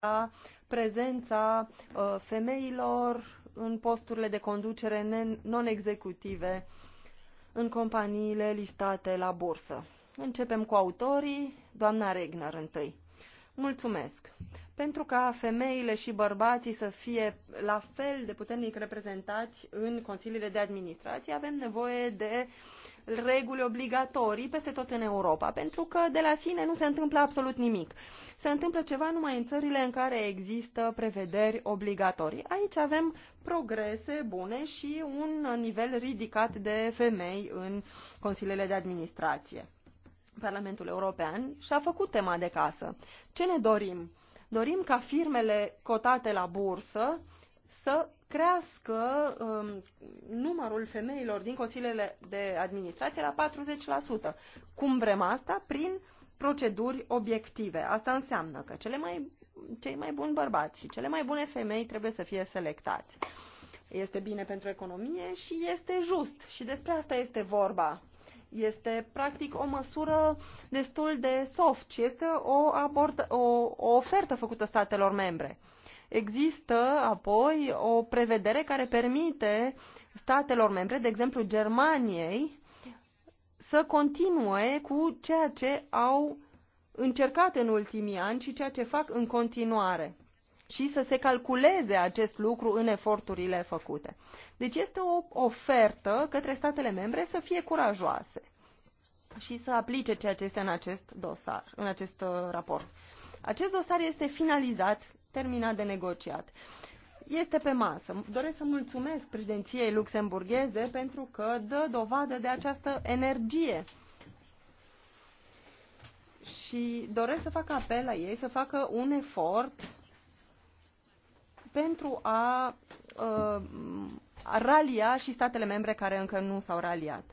la prezența uh, femeilor în posturile de conducere non-executive în companiile listate la bursă. Începem cu autorii, doamna Regner întâi. Mulțumesc! Pentru ca femeile și bărbații să fie la fel de puternic reprezentați în consiliile de administrație, avem nevoie de uh, reguli obligatorii peste tot în Europa, pentru că de la sine nu se întâmplă absolut nimic. Se întâmplă ceva numai în țările în care există prevederi obligatorii. Aici avem progrese bune și un nivel ridicat de femei în consiliile de administrație. Parlamentul European și-a făcut tema de casă. Ce ne dorim? Dorim ca firmele cotate la bursă să crească um, numărul femeilor din consiliile de administrație la 40%. Cum vrem asta? Prin proceduri obiective. Asta înseamnă că cele mai, cei mai buni bărbați și cele mai bune femei trebuie să fie selectați. Este bine pentru economie și este just. Și despre asta este vorba. Este practic o măsură destul de soft și este o, abord, o, o ofertă făcută statelor membre Există apoi o prevedere care permite statelor membre, de exemplu Germaniei, să continue cu ceea ce au încercat în ultimii ani și ceea ce fac în continuare și să se calculeze acest lucru în eforturile făcute. Deci este o ofertă către statele membre să fie curajoase și să aplice ceea ce este în acest dosar, în acest uh, raport. Acest dosar este finalizat, terminat de negociat. Este pe masă. Doresc să mulțumesc președinției luxemburgheze pentru că dă dovadă de această energie și doresc să fac apel la ei să facă un efort pentru a, a uh, ralia și statele membre care încă nu s-au raliat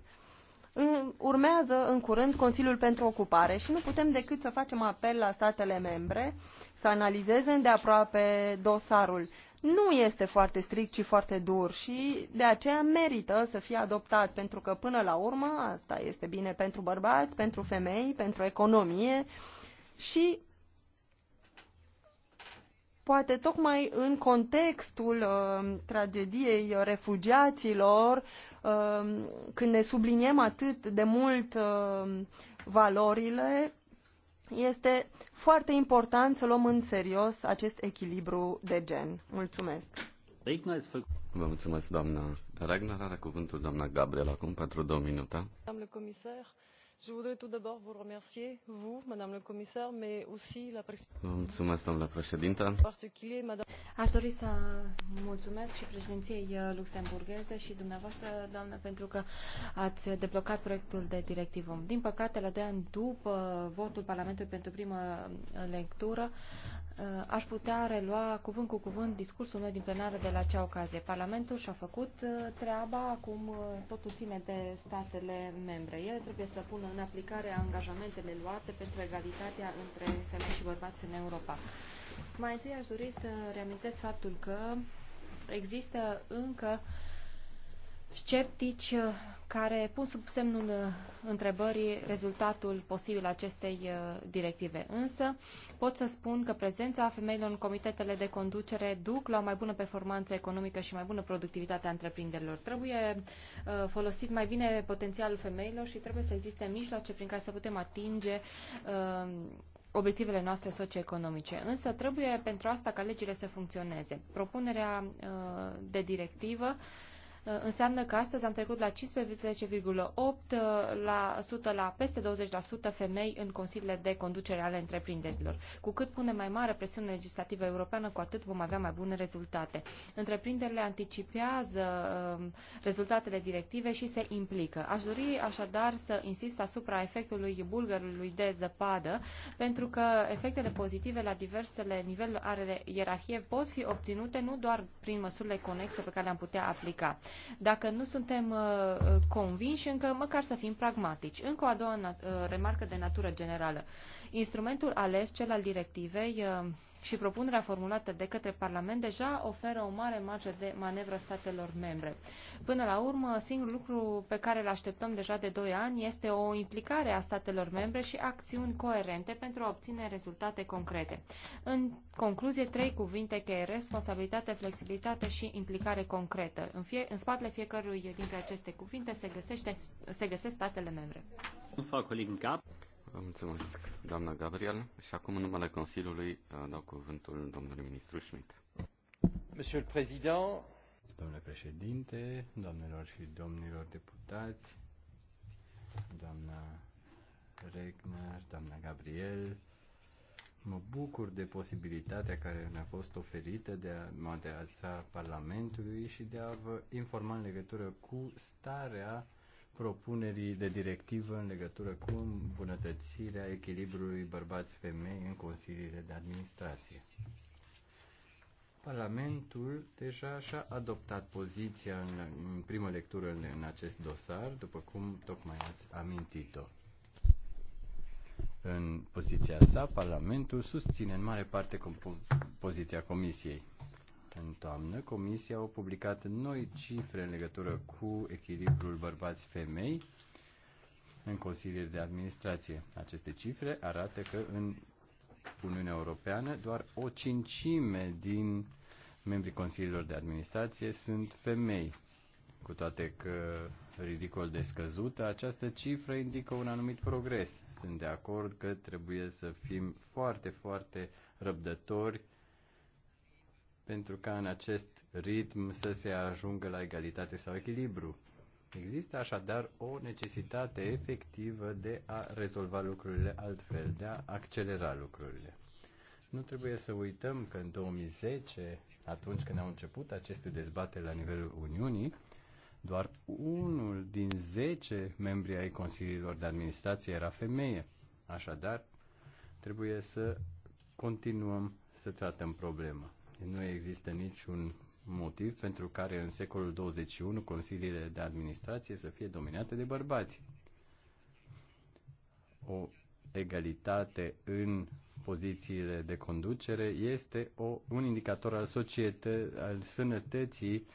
urmează în curând Consiliul pentru Ocupare și nu putem decât să facem apel la statele membre să analizeze îndeaproape dosarul. Nu este foarte strict, ci foarte dur și de aceea merită să fie adoptat, pentru că până la urmă asta este bine pentru bărbați, pentru femei, pentru economie și poate tocmai în contextul uh, tragediei refugiaților, uh, Um, când ne subliniem atât de mult um, valorile, este foarte important să luăm în serios acest echilibru de gen. Mulțumesc! Vă mulțumesc, doamna Regner. Are cuvântul doamna Gabriel acum pentru două minute. comisar, je voudrais tout d'abord vous remercier vous madame la commissaire mais aussi la madame. aș dori să mulțumesc și președinției luxemburgheze și dumneavoastră doamnă pentru că ați deblocat proiectul de directivă. Din păcate, la doi ani după votul Parlamentului pentru primă lectură, aș putea relua cuvânt cu cuvânt discursul meu din plenară de la acea ocazie. Parlamentul și-a făcut uh, treaba, acum uh, totul ține de statele membre. Ele trebuie să pună în aplicare angajamentele luate pentru egalitatea între femei și bărbați în Europa. Mai întâi aș dori să reamintesc faptul că există încă sceptici uh, care pun sub semnul uh, întrebării rezultatul posibil acestei uh, directive. Însă pot să spun că prezența femeilor în comitetele de conducere duc la o mai bună performanță economică și mai bună productivitate a întreprinderilor. Trebuie uh, folosit mai bine potențialul femeilor și trebuie să existe mijloace prin care să putem atinge obiectivele noastre socioeconomice. Însă trebuie pentru asta ca legile să funcționeze. Propunerea de directivă Uh, înseamnă că astăzi am trecut la 15,8% uh, la, la peste 20% femei în consiliile de conducere ale întreprinderilor. Cu cât pune mai mare presiune legislativă europeană, cu atât vom avea mai bune rezultate. Întreprinderile anticipează um, rezultatele directive și se implică. Aș dori așadar să insist asupra efectului bulgărului de zăpadă, pentru că efectele pozitive la diversele niveluri ale ierarhie pot fi obținute nu doar prin măsurile conexe pe care le-am putea aplica. Dacă nu suntem uh, convinși, încă măcar să fim pragmatici. Încă o a doua uh, remarcă de natură generală. Instrumentul ales, cel al directivei, uh, și propunerea formulată de către Parlament deja oferă o mare marge de manevră statelor membre. Până la urmă, singurul lucru pe care îl așteptăm deja de 2 ani este o implicare a statelor membre și acțiuni coerente pentru a obține rezultate concrete. În concluzie, trei cuvinte cheie, responsabilitate, flexibilitate și implicare concretă. În, fie, în spatele fiecărui dintre aceste cuvinte se, găsește, se găsesc statele membre. Vă mulțumesc, doamna Gabriel. Și acum, în numele Consiliului, uh, dau cuvântul domnului ministru Schmidt. Monsieur le Président, Domnule președinte, domnilor și domnilor deputați, doamna Regner, doamna Gabriel, mă bucur de posibilitatea care ne-a fost oferită de a mă adresa Parlamentului și de a vă informa în legătură cu starea propunerii de directivă în legătură cu îmbunătățirea echilibrului bărbați-femei în consiliile de administrație. Parlamentul deja și-a adoptat poziția în, în primă lectură în, în acest dosar, după cum tocmai ați amintit-o. În poziția sa, Parlamentul susține în mare parte poziția Comisiei. În toamnă, Comisia a publicat noi cifre în legătură cu echilibrul bărbați-femei în consiliile de administrație. Aceste cifre arată că în Uniunea Europeană doar o cincime din membrii consiliilor de administrație sunt femei. Cu toate că ridicol de scăzută, această cifră indică un anumit progres. Sunt de acord că trebuie să fim foarte, foarte răbdători pentru ca în acest ritm să se ajungă la egalitate sau echilibru. Există așadar o necesitate efectivă de a rezolva lucrurile altfel, de a accelera lucrurile. Nu trebuie să uităm că în 2010, atunci când au început aceste dezbateri la nivelul Uniunii, doar unul din 10 membri ai Consiliilor de Administrație era femeie. Așadar, trebuie să continuăm să tratăm problema. Nu există niciun motiv pentru care în secolul 21 consiliile de administrație să fie dominate de bărbați. O egalitate în pozițiile de conducere este o, un indicator al societății, al sănătății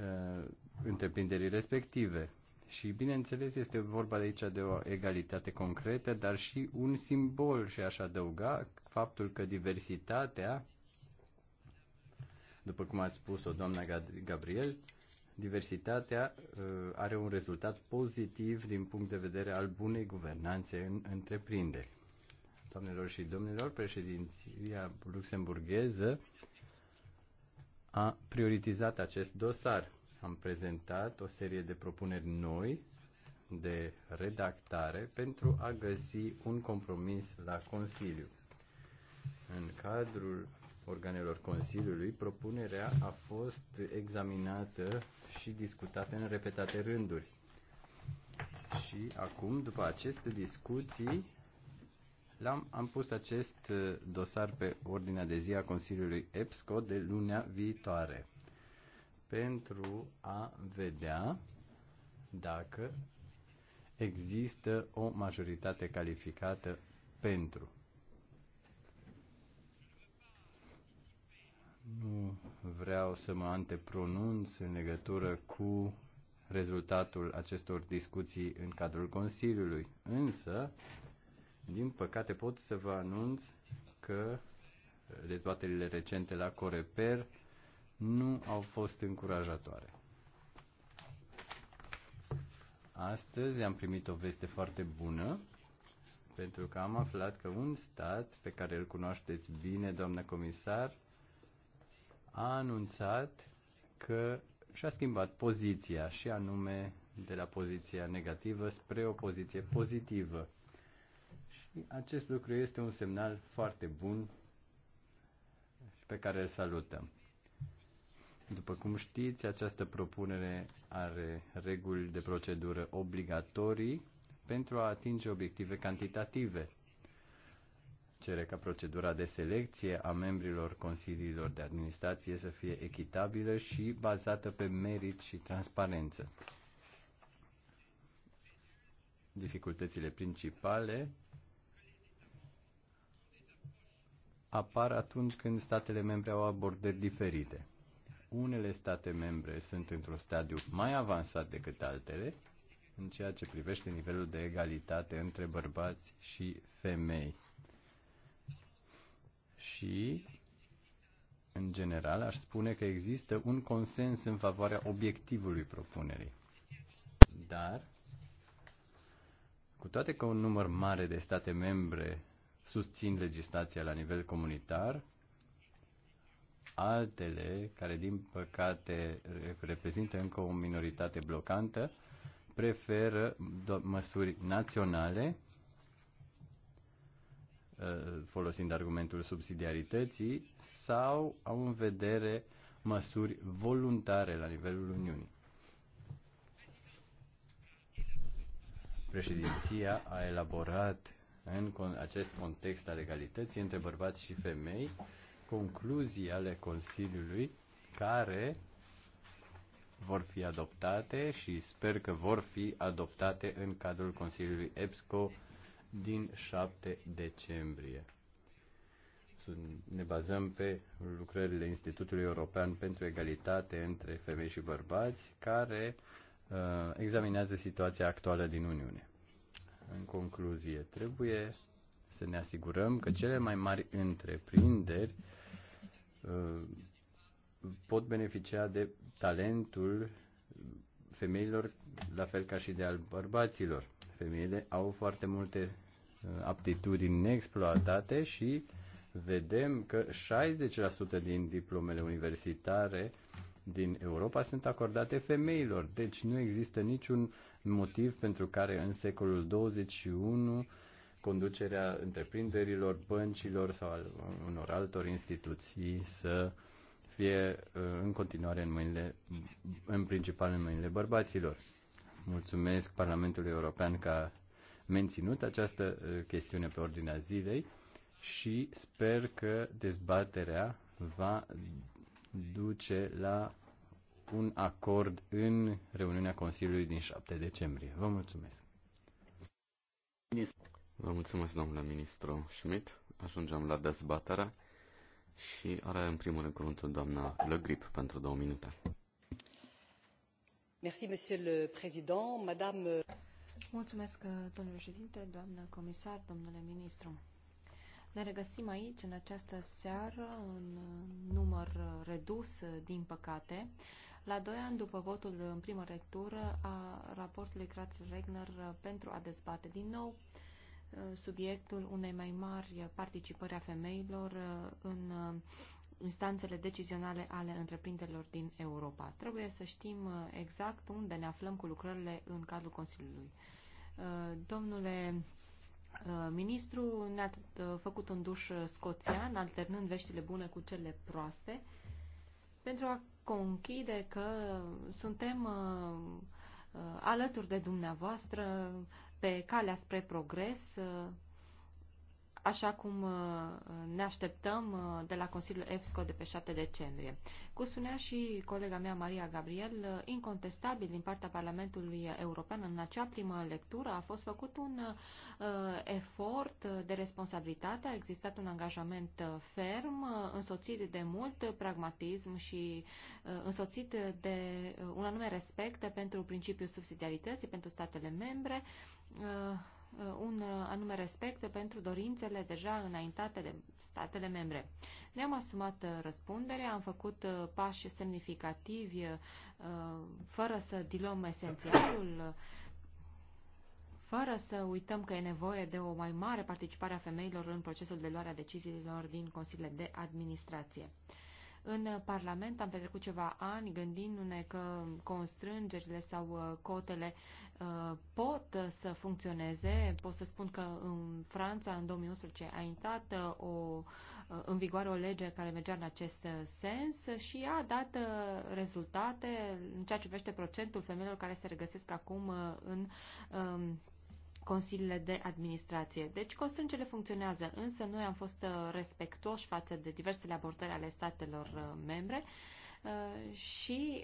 uh, întreprinderii respective. Și, bineînțeles, este vorba de aici de o egalitate concretă, dar și un simbol și aș adăuga faptul că diversitatea după cum ați spus-o, doamna Gabriel, diversitatea uh, are un rezultat pozitiv din punct de vedere al bunei guvernanțe în întreprinderi. Doamnelor și domnilor, președinția luxemburgheză a prioritizat acest dosar. Am prezentat o serie de propuneri noi de redactare pentru a găsi un compromis la Consiliu. În cadrul organelor Consiliului, propunerea a fost examinată și discutată în repetate rânduri. Și acum, după aceste discuții, l-am, am pus acest uh, dosar pe ordinea de zi a Consiliului EPSCO de lunea viitoare pentru a vedea dacă există o majoritate calificată pentru. Nu vreau să mă antepronunț în legătură cu rezultatul acestor discuții în cadrul Consiliului, însă, din păcate, pot să vă anunț că dezbaterile recente la Coreper nu au fost încurajatoare. Astăzi am primit o veste foarte bună, pentru că am aflat că un stat pe care îl cunoașteți bine, doamnă comisar, a anunțat că și-a schimbat poziția și anume de la poziția negativă spre o poziție pozitivă. Și acest lucru este un semnal foarte bun și pe care îl salutăm. După cum știți, această propunere are reguli de procedură obligatorii pentru a atinge obiective cantitative cere ca procedura de selecție a membrilor consiliilor de administrație să fie echitabilă și bazată pe merit și transparență. Dificultățile principale apar atunci când statele membre au abordări diferite. Unele state membre sunt într-un stadiu mai avansat decât altele în ceea ce privește nivelul de egalitate între bărbați și femei și, în general, aș spune că există un consens în favoarea obiectivului propunerii. Dar, cu toate că un număr mare de state membre susțin legislația la nivel comunitar, altele, care din păcate reprezintă încă o minoritate blocantă, preferă măsuri naționale Uh, folosind argumentul subsidiarității, sau au în vedere măsuri voluntare la nivelul Uniunii. Președinția a elaborat în acest context al egalității între bărbați și femei concluzii ale Consiliului care vor fi adoptate și sper că vor fi adoptate în cadrul Consiliului EPSCO din 7 decembrie. Ne bazăm pe lucrările Institutului European pentru Egalitate între Femei și Bărbați, care uh, examinează situația actuală din Uniune. În concluzie, trebuie să ne asigurăm că cele mai mari întreprinderi uh, pot beneficia de talentul femeilor, la fel ca și de al bărbaților femeile au foarte multe uh, aptitudini neexploatate și vedem că 60% din diplomele universitare din Europa sunt acordate femeilor. Deci nu există niciun motiv pentru care în secolul 21 conducerea întreprinderilor, băncilor sau al unor altor instituții să fie uh, în continuare în mâinile, în principal în mâinile bărbaților. Mulțumesc Parlamentului European că a menținut această uh, chestiune pe ordinea zilei și sper că dezbaterea va duce la un acord în reuniunea Consiliului din 7 decembrie. Vă mulțumesc. Vă mulțumesc, domnule ministru Schmidt. Ajungem la dezbaterea și are în primul rând cuvântul doamna Le Grip pentru două minute monsieur le président euh, mulțumesc uh, domnule președinte doamnă comisar domnule ministru. Ne regăsim aici, în această seară, în uh, număr uh, redus, din păcate, la doi ani după votul în primă lectură a raportului Kratz-Regner pentru a dezbate din nou subiectul unei mai mari participări a femeilor în instanțele decizionale ale întreprinderilor din Europa. Trebuie să știm uh, exact unde ne aflăm cu lucrările în cadrul Consiliului. Uh, domnule uh, ministru, ne a făcut un duș scoțian, alternând veștile bune cu cele proaste, pentru a conchide că suntem alături de dumneavoastră pe calea spre progres, așa cum uh, ne așteptăm uh, de la Consiliul EFSCO de pe 7 decembrie. Cu spunea și colega mea Maria Gabriel, uh, incontestabil din partea Parlamentului European în acea primă lectură a fost făcut un efort de responsabilitate, a existat un angajament ferm, însoțit de mult pragmatism și însoțit de un anume respect pentru principiul subsidiarității pentru statele membre, Uh, un uh, anume respect pentru dorințele deja înaintate de statele membre. Ne-am asumat uh, răspunderea, am făcut pași semnificativi fără să diluăm esențialul, fără să uităm că e nevoie de o mai mare participare a femeilor în procesul de luare a deciziilor din consiliile de administrație. În Parlament am petrecut ceva ani gândindu-ne că constrângerile sau uh, cotele uh, pot să funcționeze. Pot să spun că în Franța, în 2011, a intrat uh, o, în vigoare o lege care mergea în acest sens și a dat rezultate în ceea ce privește procentul femeilor care se regăsesc acum în um, consiliile de administrație. Deci constrângele funcționează, însă noi am fost uh, respectoși față de diversele abordări ale statelor uh, membre uh, și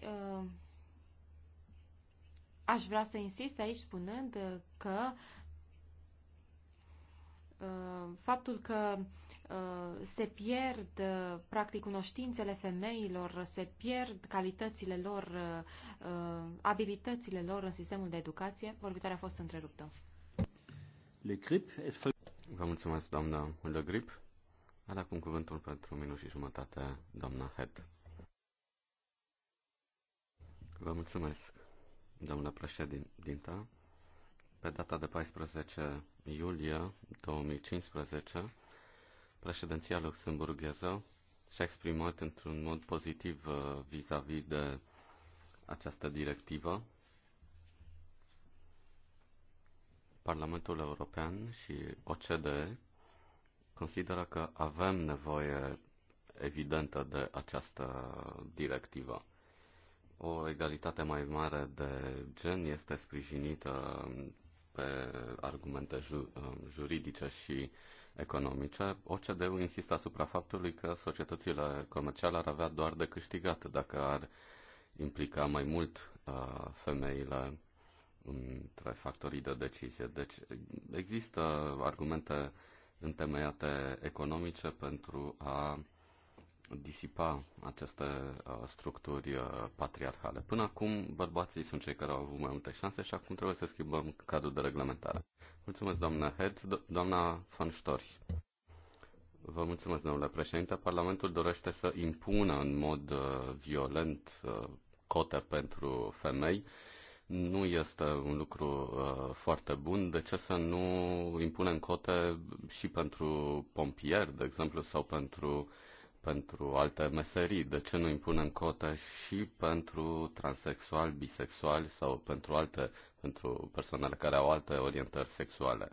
aș vrea să insist aici spunând că faptul că se pierd practic cunoștințele femeilor, se pierd calitățile lor, abilitățile lor în sistemul de educație. Vorbitoarea a fost întreruptă. Le Grip. Vă mulțumesc, doamna Le Grip. Are acum cuvântul pentru minut și jumătate, doamna Head. Vă mulțumesc, doamna Președinte. Pe data de 14 iulie 2015, președinția luxemburgheză și-a exprimat într-un mod pozitiv uh, vis-a-vis -vis de această directivă Parlamentul European și OCDE consideră că avem nevoie evidentă de această directivă. O egalitate mai mare de gen este sprijinită pe argumente ju- um, juridice și economice. OCDE-ul insistă asupra faptului că societățile comerciale ar avea doar de câștigat dacă ar implica mai mult uh, femeile între factorii de decizie. Deci există argumente întemeiate economice pentru a disipa aceste uh, structuri uh, patriarhale. Până acum, bărbații sunt cei care au avut mai multe șanse și acum trebuie să schimbăm cadrul de reglementare. Mulțumesc, doamna Head. Do- doamna Van Storch. Vă mulțumesc, domnule președinte. Parlamentul dorește să impună în mod uh, violent uh, cote pentru femei. Uh, nu este un lucru uh, foarte bun. De ce să nu impunem cote și pentru pompieri, de exemplu, sau pentru, pentru alte meserii? De ce nu impunem cote și pentru transexuali, bisexuali sau pentru alte, pentru persoanele care au alte orientări sexuale?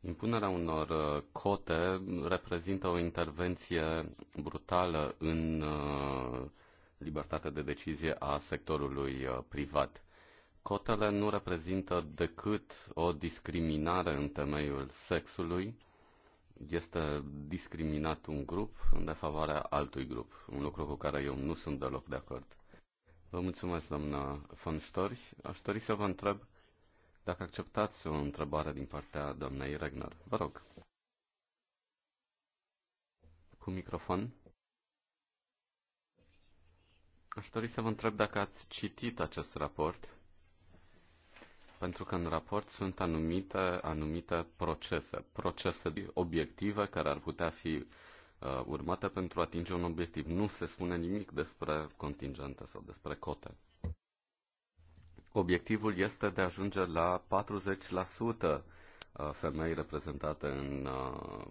Impunerea unor uh, cote reprezintă o intervenție brutală în uh, libertatea de decizie a sectorului uh, privat Cotele nu reprezintă decât o discriminare în temeiul sexului. Este discriminat un grup în defavoarea altui grup, un lucru cu care eu nu sunt deloc de acord. Vă mulțumesc, doamna von Storch. Aș dori să vă întreb dacă acceptați o întrebare din partea doamnei Regner. Vă rog. Cu microfon. Aș dori să vă întreb dacă ați citit acest raport pentru că în raport sunt anumite, anumite procese, procese obiective care ar putea fi uh, urmate pentru a atinge un obiectiv. Nu se spune nimic despre contingente sau despre cote. Obiectivul este de a ajunge la 40% uh, femei reprezentate în uh,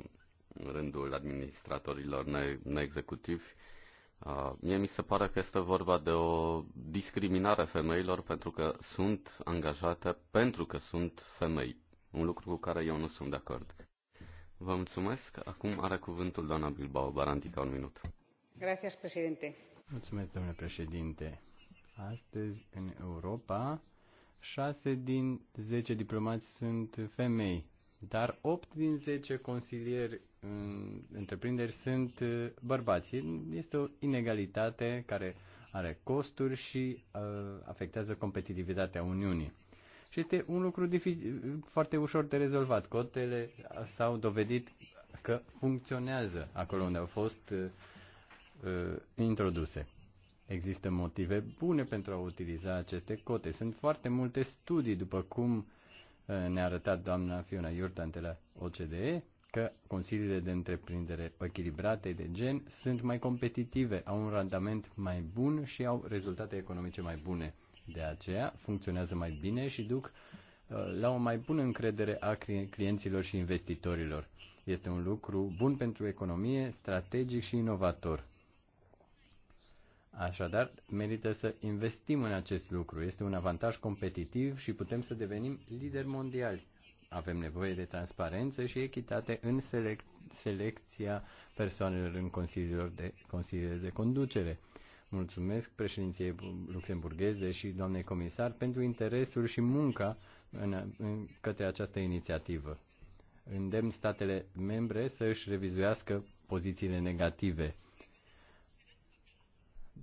rândul administratorilor neexecutivi. Ne Uh, mie mi se pare că este vorba de o discriminare femeilor pentru că sunt angajate pentru că sunt femei. Un lucru cu care eu nu sunt de acord. Vă mulțumesc. Acum are cuvântul doamna Bilbao Barantica, un minut. Gracias, președinte. Mulțumesc, domnule președinte. Astăzi, în Europa, șase din zece diplomați sunt femei. Dar 8 din 10 consilieri în întreprinderi sunt uh, bărbați. Este o inegalitate care are costuri și uh, afectează competitivitatea Uniunii. Și este un lucru dificil, foarte ușor de rezolvat. Cotele s-au dovedit că funcționează acolo unde au fost uh, uh, introduse. Există motive bune pentru a utiliza aceste cote. Sunt foarte multe studii după cum uh, Eh, ne-a arătat doamna Fiona Iurta de la OCDE că consiliile de întreprindere echilibrate de gen sunt mai competitive, au un randament mai bun și au rezultate economice mai bune. De aceea funcționează mai bine și duc eh, la o mai bună încredere a clienților și investitorilor. Este un lucru bun pentru economie, strategic și inovator. Așadar, merită să investim în acest lucru. Este un avantaj competitiv și putem să devenim lideri mondiali. Avem nevoie de transparență și echitate în selec- selecția persoanelor în consiliilor de, consiliile de conducere. Mulțumesc președinției luxemburgheze și doamnei comisar pentru interesul și munca în, în, către această inițiativă. Îndemn statele membre să își revizuiască pozițiile negative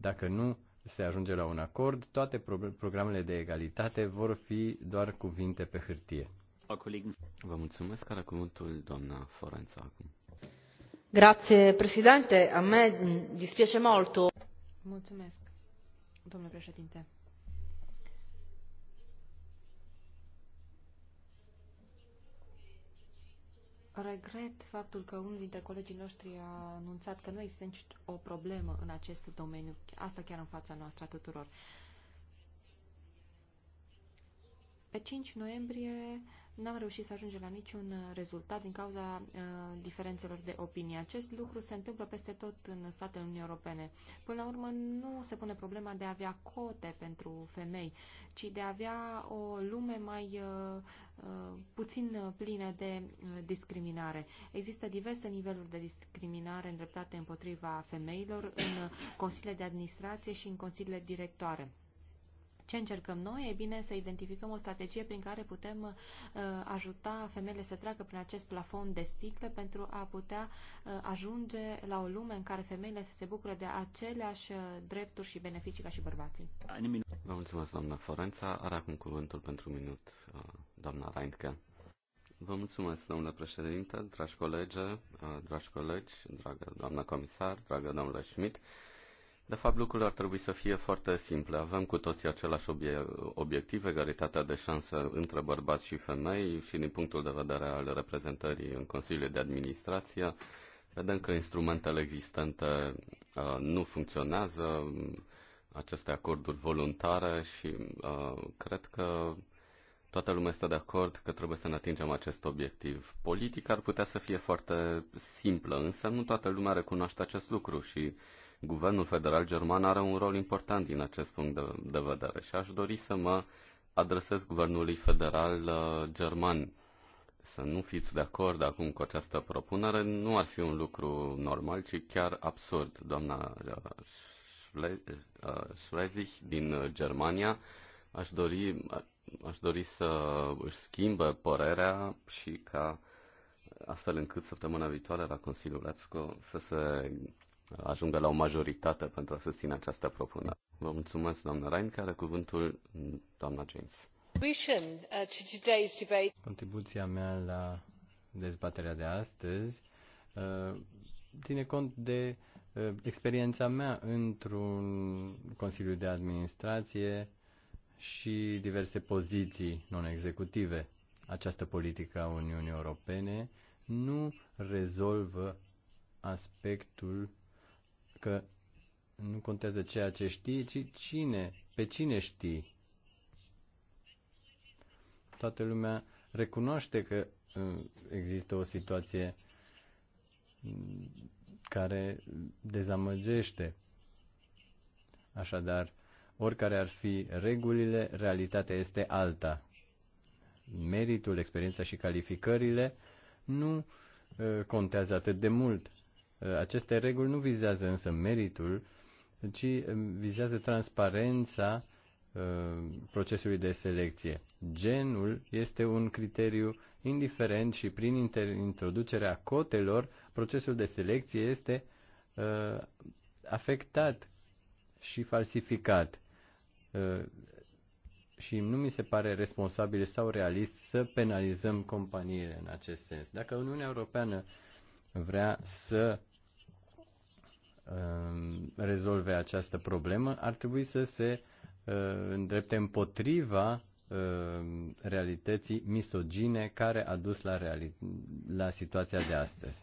dacă nu se ajunge la un acord, toate pro- programele de egalitate vor fi doar cuvinte pe hârtie. Vă mulțumesc, are cuvântul doamna Forența acum. Grazie, Presidente. A me dispiace molto. Mulțumesc, domnule președinte. regret faptul că unul dintre colegii noștri a anunțat că nu există nici o problemă în acest domeniu, asta chiar în fața noastră a tuturor. Pe 5 noiembrie n-am reușit să ajungem la niciun uh, rezultat din cauza uh, diferențelor de opinie. Acest lucru se întâmplă peste tot în statele Uniunii Europene. Până la urmă, nu se pune problema de a avea cote pentru femei, ci de a avea o lume mai uh, uh, puțin uh, plină de uh, discriminare. Există diverse niveluri de discriminare îndreptate împotriva femeilor în consiliile de administrație și în consiliile directoare. Ce încercăm noi? E bine să identificăm o strategie prin care putem uh, ajuta femeile să treacă prin acest plafon de sticle pentru a putea uh, ajunge la o lume în care femeile să se bucure de aceleași uh, drepturi și beneficii ca și bărbații. Vă mulțumesc, doamna Forența. Are acum cuvântul pentru un minut, uh, doamna Reintke. Vă mulțumesc, domnule președinte, dragi colegi, uh, dragi colegi, dragă doamna comisar, dragă domnule Schmidt. De fapt, lucrurile ar trebui să fie foarte simple. Avem cu toții același obiectiv, egalitatea de șansă între bărbați și femei și din punctul de vedere al reprezentării în Consiliul de Administrație. Vedem că instrumentele existente uh, nu funcționează, aceste acorduri voluntare și uh, cred că toată lumea este de acord că trebuie să ne atingem acest obiectiv. Politica ar putea să fie foarte simplă, însă nu toată lumea recunoaște acest lucru și Guvernul federal german are un rol important din acest punct de, de vedere și aș dori să mă adresez Guvernului federal uh, german. Să nu fiți de acord acum cu această propunere nu ar fi un lucru normal, ci chiar absurd. Doamna uh, uh, Schlesich din Germania aș dori, aș dori să își schimbe părerea și ca astfel încât săptămâna viitoare la Consiliul EPSCO să se ajungă la o majoritate pentru a susține această propunere. Vă mulțumesc, doamna Rain, care cuvântul doamna James. Uh, Contribuția mea la dezbaterea de astăzi uh, ține cont de uh, experiența mea într-un Consiliu de Administrație și diverse poziții non-executive. Această politică a Uniunii Europene nu rezolvă aspectul că nu contează ceea ce știi, ci cine, pe cine știi. Toată lumea recunoaște că uh, există o situație mm, care dezamăgește. Așadar, oricare ar fi regulile, realitatea este alta. Meritul, experiența și calificările nu uh, contează atât de mult. Uh, aceste reguli nu vizează însă meritul, ci um, vizează transparența uh, procesului de selecție. Genul este un criteriu indiferent și prin introducerea cotelor, procesul de selecție este uh, afectat și falsificat. Uh, și nu mi se pare responsabil sau realist să penalizăm companiile în acest sens. Dacă Uniunea Europeană vrea să Um, rezolve această problemă, ar trebui să se uh, îndrepte împotriva um, realității misogine care a dus la, la situația de astăzi.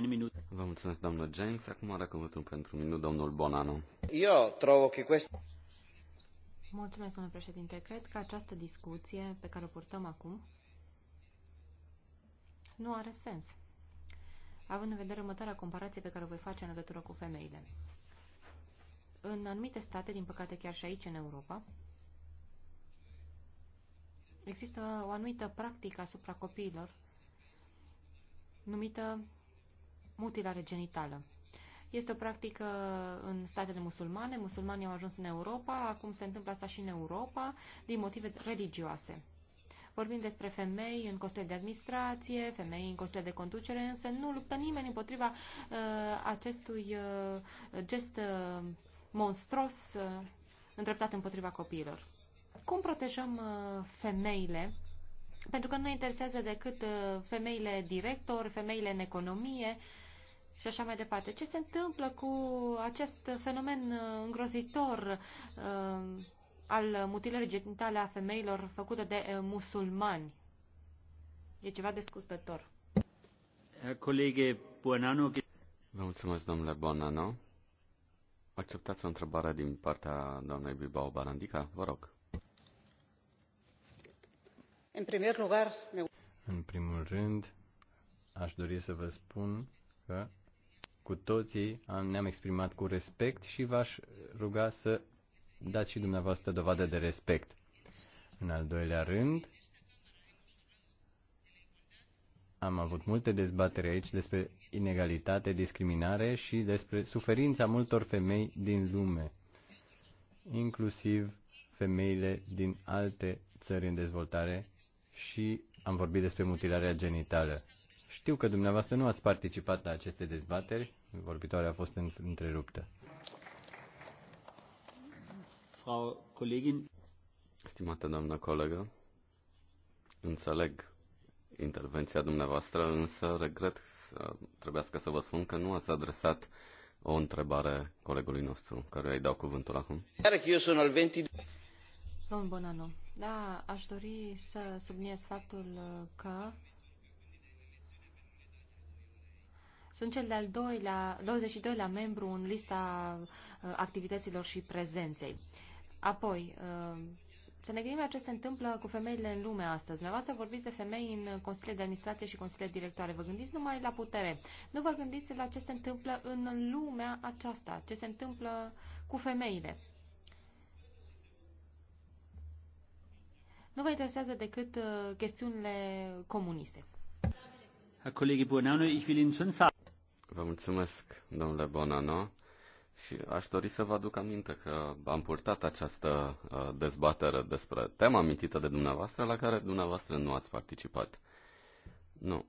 Un minut. Vă mulțumesc, doamnă James. Acum are cuvântul pentru un minut domnul Bonano. Eu trovo că questo... Mulțumesc, domnule președinte. Cred că această discuție pe care o purtăm acum nu are sens având în vedere următoarea comparație pe care o voi face în legătură cu femeile. În anumite state, din păcate chiar și aici în Europa, există o anumită practică asupra copiilor numită mutilare genitală. Este o practică în statele musulmane, musulmanii au ajuns în Europa, acum se întâmplă asta și în Europa, din motive religioase. Vorbim despre femei în costele de administrație, femei în costele de conducere, însă nu luptă nimeni împotriva uh, acestui uh, gest uh, monstros uh, îndreptat împotriva copiilor. Cum protejăm uh, femeile? Pentru că nu ne interesează decât uh, femeile director, femeile în economie, și așa mai departe. Ce se întâmplă cu acest fenomen uh, îngrozitor uh, al mutilării genitale a femeilor făcute de eh, musulmani. E ceva descustător. Colege Buonanno. Vă mulțumesc, domnule Buonanno. Acceptați o întrebare din partea doamnei Bibau Barandica? Vă rog. În primul lugar, în primul rând, aș dori să vă spun că cu toții am, ne-am exprimat cu respect și v-aș ruga să dați și dumneavoastră dovadă de respect. În al doilea rând, am avut multe dezbatere aici despre inegalitate, discriminare și despre suferința multor femei din lume, inclusiv femeile din alte țări în dezvoltare și am vorbit despre mutilarea genitală. Știu că dumneavoastră nu ați participat la aceste dezbateri, vorbitoarea a fost întreruptă. Frau Kollegin. Stimată doamnă colegă, înțeleg intervenția dumneavoastră, însă regret să trebuiască să vă spun că nu ați adresat o întrebare colegului nostru, care îi dau cuvântul acum. Domnul Bonanu, da, aș dori să subliniez faptul că Sunt cel de-al 22-lea membru în lista uh, activităților și prezenței. Apoi, uh, să ne gândim la ce se întâmplă cu femeile în lume astăzi. Dumneavoastră vorbiți de femei în consiliile de administrație și consiliile directoare. Vă gândiți numai la putere. Nu vă gândiți la ce se întâmplă în lumea aceasta, ce se întâmplă cu femeile. Nu vă interesează decât uh, chestiunile comuniste. Vă mulțumesc, domnule Bonano. Și aș dori să vă aduc aminte că am purtat această uh, dezbatere despre tema amintită de dumneavoastră, la care dumneavoastră nu ați participat. Nu.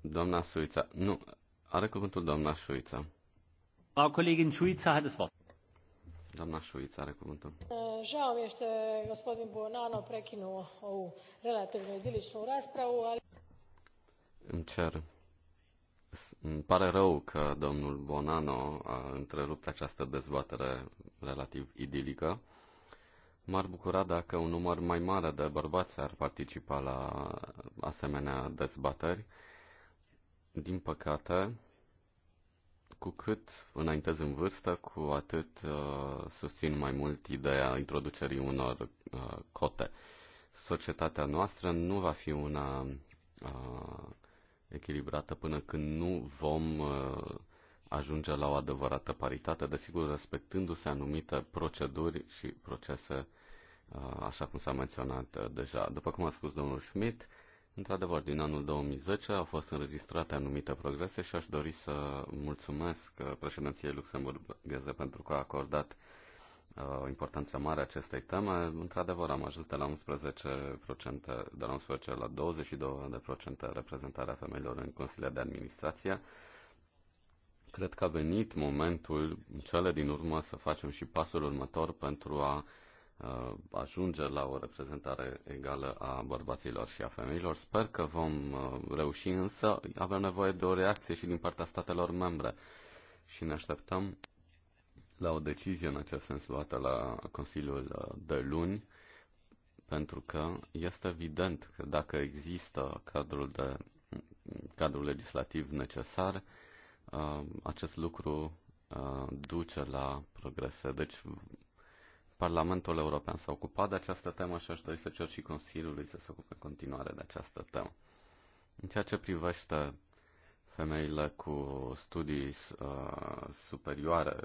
Doamna Suița. Nu. Are cuvântul doamna Suița. Frau Kollegin Suița hat das Wort. Doamna Șuiță are cuvântul. Jau este gospodin Buonano prechinu o relativ idiličnu raspravu, ali... Îmi cer îmi pare rău că domnul Bonano a întrerupt această dezbatere relativ idilică. M-ar bucura dacă un număr mai mare de bărbați ar participa la asemenea dezbateri. Din păcate, cu cât înaintez în vârstă, cu atât uh, susțin mai mult ideea introducerii unor uh, cote. Societatea noastră nu va fi una uh, echilibrată până când nu vom uh, ajunge la o adevărată paritate, desigur respectându-se anumite proceduri și procese, uh, așa cum s-a menționat uh, deja. După cum a spus domnul Schmidt, Într-adevăr, din anul 2010 au fost înregistrate anumite progrese și aș dori să mulțumesc președinției luxemburgheze pentru că a acordat uh, Uh, o importanța mare a acestei teme. Într-adevăr, am ajuns de la 11%, de la 11 la 22% reprezentarea femeilor în Consiliul de Administrație. Cred că a venit momentul, în cele din urmă, să facem și pasul următor pentru a uh, ajunge la o reprezentare egală a bărbaților și a femeilor. Sper că vom uh, reuși, însă avem nevoie de o reacție și din partea statelor membre și ne așteptăm la o decizie în acest sens luată la Consiliul uh, de luni, pentru că este evident că dacă există cadrul, de, cadrul legislativ necesar, uh, acest lucru uh, duce la progrese. Deci Parlamentul European s-a ocupat de această temă și aș dori să cer și Consiliului să se ocupe în continuare de această temă. În ceea ce privește femeile cu studii uh, superioare,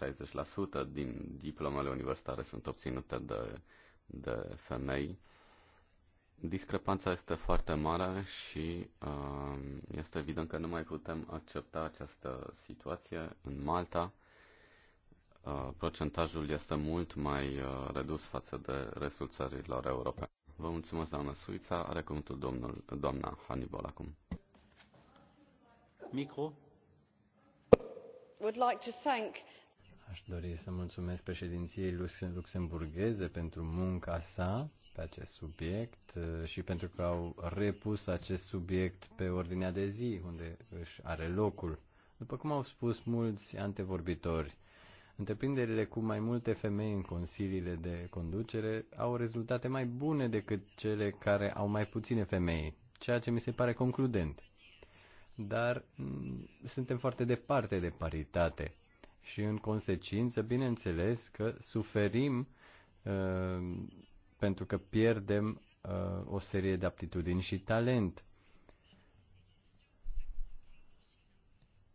60% din diplomele universitare sunt obținute de, de femei. Discrepanța este foarte mare și uh, este evident că nu mai putem accepta această situație. În Malta, uh, procentajul este mult mai uh, redus față de restul țărilor europene. Vă mulțumesc, doamna Suița. Are cuvântul domnul, doamna Hannibal acum. Micro. Would like to thank Aș dori să mulțumesc președinției luxemburgheze pentru munca sa pe acest subiect uh, și pentru că au repus acest subiect pe ordinea de zi unde își are locul. După cum au spus mulți antevorbitori, întreprinderile cu mai multe femei în consiliile de conducere au rezultate mai bune decât cele care au mai puține femei, ceea ce mi se pare concludent. Dar mm, suntem foarte departe de paritate și în consecință, bineînțeles că suferim uh, pentru că pierdem uh, o serie de aptitudini și talent.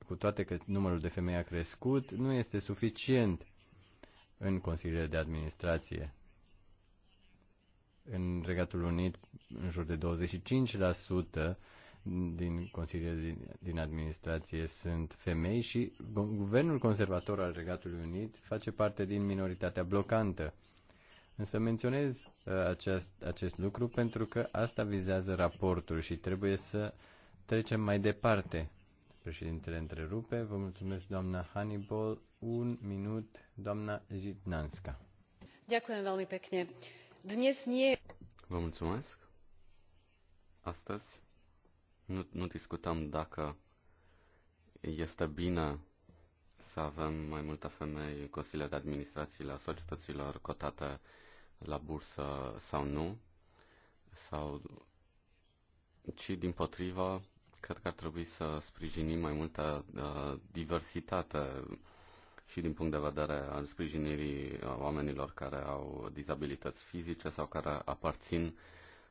Cu toate că numărul de femei a crescut, nu este suficient în consiliile de administrație. În Regatul Unit, în jur de 25% din consiliile din, din administrație sunt femei și guvernul conservator al Regatului Unit face parte din minoritatea blocantă. Însă menționez uh, acest, acest lucru pentru că asta vizează raportul și trebuie să trecem mai departe. Președintele întrerupe. Vă mulțumesc, doamna Hannibal. Un minut, doamna Jitnanska. Vă mulțumesc. Astăzi nu, nu discutăm dacă este bine să avem mai multe femei în consiliile de administrație la societăților cotate la bursă sau nu, sau, ci din potrivă, cred că ar trebui să sprijinim mai multă uh, diversitate și din punct de vedere al sprijinirii uh, oamenilor care au dizabilități fizice sau care aparțin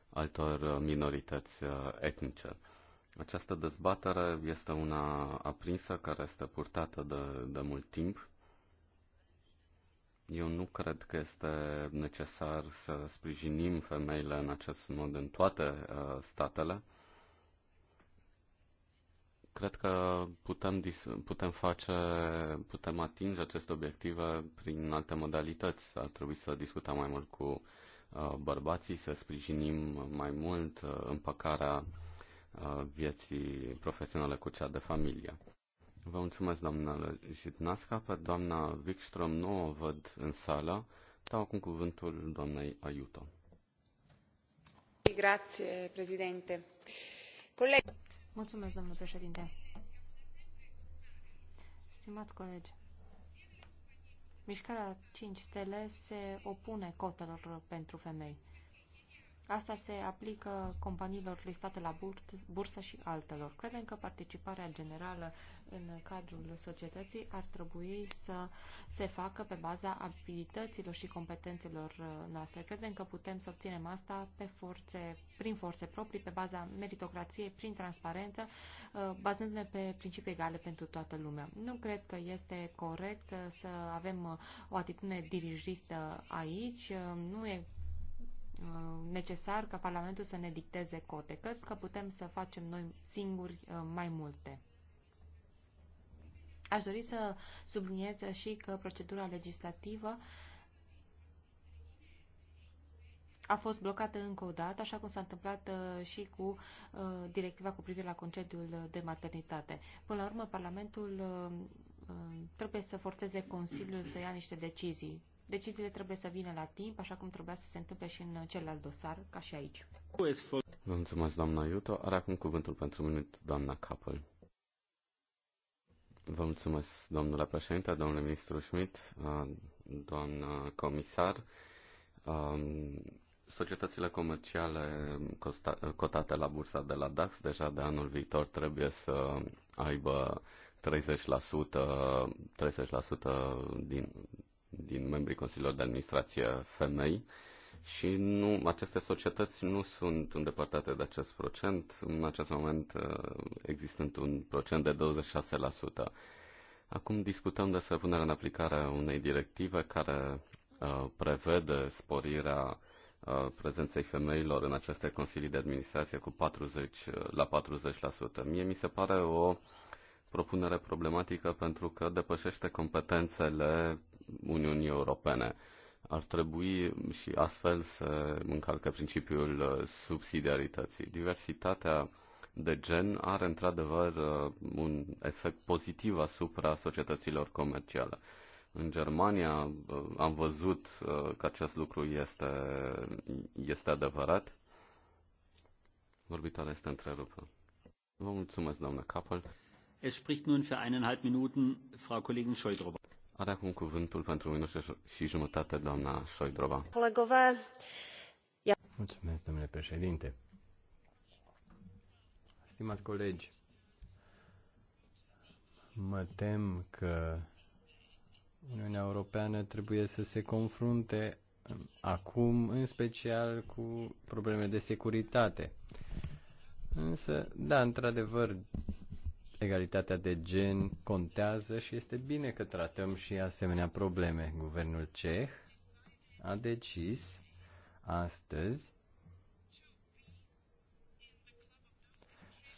altor minorități uh, etnice. Această dezbatere este una aprinsă care este purtată de, de mult timp. Eu nu cred că este necesar să sprijinim femeile în acest mod în toate uh, statele. Cred că putem, putem face, putem atinge aceste obiective prin alte modalități. Ar trebui să discutăm mai mult cu uh, bărbații, să sprijinim mai mult uh, împăcarea uh, vieții profesionale cu cea de familie. Vă mulțumesc, doamna Jitnasca. Pe doamna Wikström nu o văd în sală. Dau acum cuvântul doamnei Ayuto. Grazie, președinte. Coleg... Mulțumesc, domnule președinte. Stimați colegi, mișcarea 5 stele se opune cotelor pentru femei. Asta se aplică companiilor listate la bursă și altelor. Credem că participarea generală în cadrul societății ar trebui să se facă pe baza abilităților și competențelor uh, noastre. Credem că putem să obținem asta pe forțe, prin forțe proprii, pe baza meritocrației, prin transparență, uh, bazându-ne pe principii egale pentru toată lumea. Nu cred că este corect uh, să avem o atitudine dirijistă aici. Nu e Uh, necesar ca Parlamentul să ne dicteze cote. Cred că putem să facem noi singuri uh, mai multe. Aș dori să subliniez și că procedura legislativă a fost blocată încă o dată, așa cum s-a întâmplat uh, și cu directiva cu privire la concediul de maternitate. Până la urmă, Parlamentul trebuie să forțeze Consiliul să ia niște decizii. Deciziile trebuie să vină la timp, așa cum trebuia să se întâmple și în celălalt dosar, ca și aici. Vă mulțumesc, doamna Iuto. Are acum cuvântul pentru un minut, doamna Capel. Vă mulțumesc, domnule președinte, domnule ministru Schmidt, doamna comisar. Societățile comerciale cotate la bursa de la DAX deja de anul viitor trebuie să aibă 30%, 30% din, din membrii Consiliilor de Administrație femei și nu, aceste societăți nu sunt îndepărtate de acest procent, în acest moment uh, existând un procent de 26%. Acum discutăm despre punerea în aplicare a unei directive care uh, prevede sporirea uh, prezenței femeilor în aceste consilii de administrație cu 40, la 40%. Mie mi se pare o uh, propunere problematică pentru că depășește competențele Uniunii Europene. Ar trebui și astfel să încalcă principiul subsidiarității. Diversitatea de gen are într-adevăr un efect pozitiv asupra societăților comerciale. În Germania am văzut că acest lucru este, este adevărat. Vorbitoarea este întrerupă. Vă mulțumesc, doamnă Capel. Es spricht nun für eineinhalb Minuten Frau Kollegin Are acum cuvântul pentru minute și jumătate, doamna Șoidrova. Mulțumesc, domnule președinte. Stimați colegi, mă tem că Uniunea Europeană trebuie să se confrunte acum, în special cu probleme de securitate. Însă, da, într-adevăr, egalitatea de gen contează și este bine că tratăm și asemenea probleme. Guvernul ceh a decis astăzi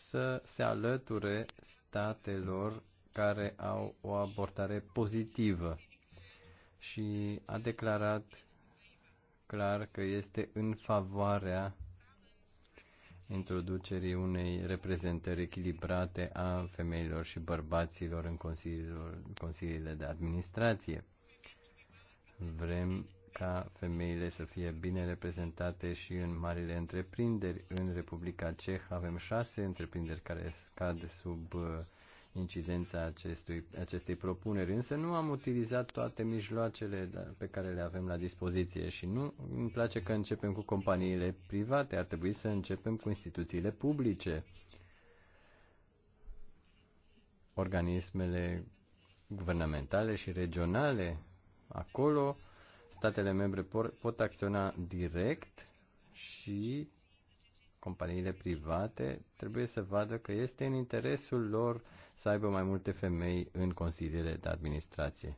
să se alăture statelor care au o abordare pozitivă și a declarat clar că este în favoarea introducerii unei reprezentări echilibrate a femeilor și bărbaților în consiliile de administrație. Vrem ca femeile să fie bine reprezentate și în marile întreprinderi. În Republica Ceh avem șase întreprinderi care scad sub uh, incidența acestui, acestei propuneri, însă nu am utilizat toate mijloacele pe care le avem la dispoziție și nu îmi place că începem cu companiile private, ar trebui să începem cu instituțiile publice, organismele guvernamentale și regionale. Acolo statele membre pot acționa direct și companiile private trebuie să vadă că este în interesul lor să aibă mai multe femei în consiliile de administrație.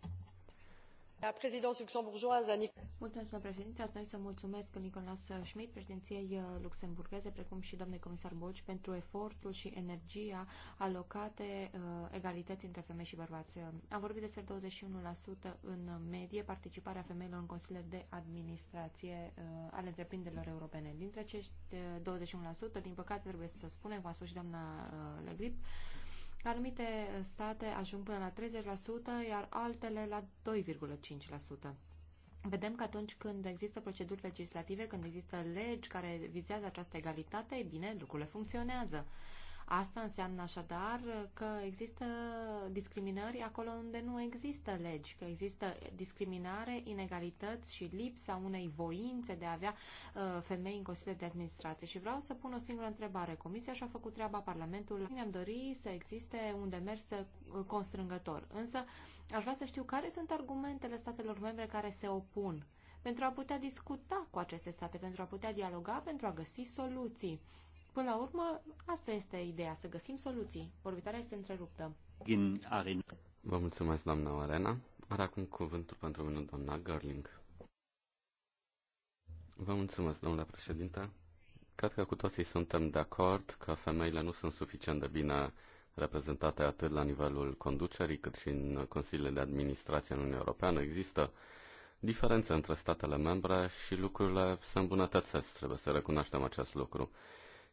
Mulțumesc, doamnă președinte. Aș dori să mulțumesc Nicolas Schmidt, președinției uh, luxemburgheze, precum și doamnei comisar Bulci, pentru efortul și energia alocate uh, egalității între femei și bărbați. Am vorbit despre 21% în medie participarea femeilor în consiliile de administrație uh, ale întreprinderilor europene. Dintre acești 21%, din păcate trebuie să spunem, cum a spus și doamna Legrip, Anumite state ajung până la 30%, iar altele la 2,5%. Vedem că atunci când există proceduri legislative, când există legi care vizează această egalitate, e bine, lucrurile funcționează. Asta înseamnă așadar că există discriminări acolo unde nu există legi, că există discriminare, inegalități și lipsa unei voințe de a avea uh, femei în consiliile de administrație. Și vreau să pun o singură întrebare. Comisia și-a făcut treaba Parlamentul. Ne-am dorit să existe un demers uh, constrângător. Însă aș vrea să știu care sunt argumentele statelor membre care se opun pentru a putea discuta cu aceste state, pentru a putea dialoga, pentru a găsi soluții. Până la urmă, asta este ideea, să găsim soluții. Vorbitarea este întreruptă. Vă mulțumesc, doamna Arena. Are acum cuvântul pentru mine, doamna Gerling. Vă mulțumesc, domnule președinte. Cred că cu toții suntem de acord că femeile nu sunt suficient de bine reprezentate atât la nivelul conducerii cât și în consiliile de administrație în Uniunea Europeană. Există diferențe între statele membre și lucrurile se îmbunătățesc, trebuie să recunoaștem acest lucru.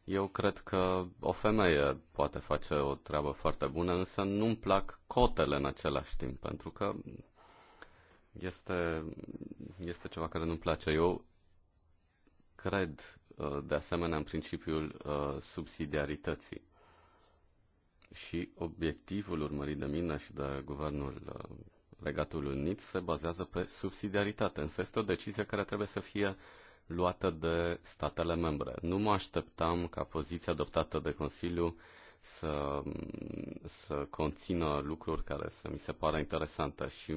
Eu cred că o femeie poate face o treabă foarte bună, însă nu-mi plac cotele în același timp, pentru că este, este ceva care nu-mi place. Eu cred uh, de asemenea în principiul uh, subsidiarității. Și obiectivul urmărit de mine și de guvernul uh, Regatului Unit se bazează pe subsidiaritate, însă este o decizie care trebuie să fie luată de statele membre. Nu mă așteptam ca poziția adoptată de Consiliu să, să conțină lucruri care să mi se pare interesante și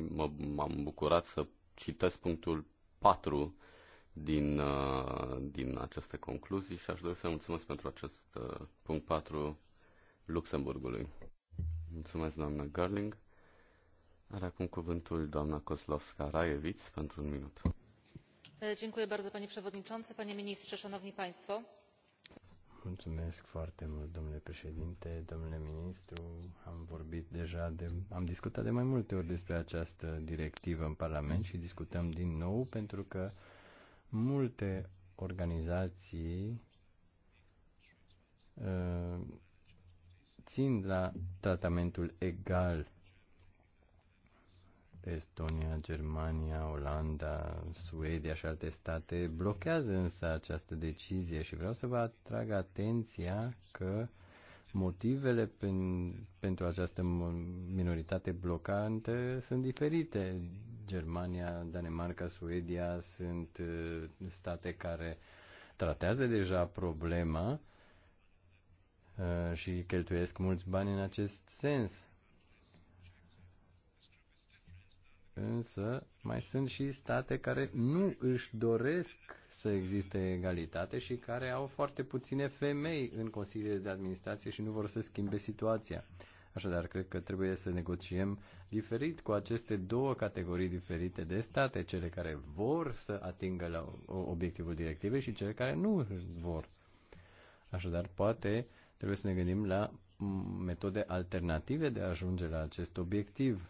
m-am bucurat să citesc punctul 4 din, uh, din aceste concluzii și aș dori să mulțumesc pentru acest uh, punct 4 Luxemburgului. Mulțumesc, doamna Garling. Are acum cuvântul doamna Kozlovska Raieviț pentru un minut panie przewodniczący panie ministrze szanowni państwo! Mulțumesc foarte mult, domnule președinte, domnule ministru. Am vorbit deja de, am discutat de mai multe ori despre această directivă în Parlament și discutăm din nou pentru că multe organizații uh, țin la tratamentul egal Estonia, Germania, Olanda, Suedia și alte state blochează însă această decizie și vreau să vă atrag atenția că motivele pen, pentru această minoritate blocantă sunt diferite. Germania, Danemarca, Suedia sunt uh, state care tratează deja problema uh, și cheltuiesc mulți bani în acest sens Însă mai sunt și state care nu își doresc să existe egalitate și care au foarte puține femei în consiliile de administrație și nu vor să schimbe situația. Așadar, cred că trebuie să negociem diferit cu aceste două categorii diferite de state, cele care vor să atingă la obiectivul directivei și cele care nu vor. Așadar, poate trebuie să ne gândim la metode alternative de a ajunge la acest obiectiv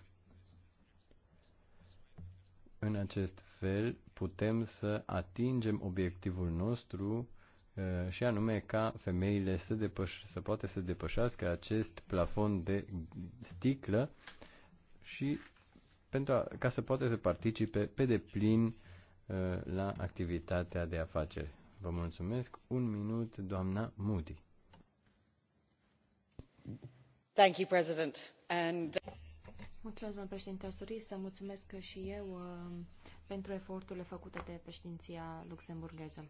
în acest fel putem să atingem obiectivul nostru uh, și anume ca femeile să, depăș- să poate să depășească acest plafon de sticlă și pentru a, ca să poate să participe pe deplin uh, la activitatea de afaceri. Vă mulțumesc. Un minut, doamna Moody. Thank you, President. And... Mulțumesc, domnul președinte. Aș dori să mulțumesc și eu uh, pentru eforturile făcute de președinția luxemburgheză.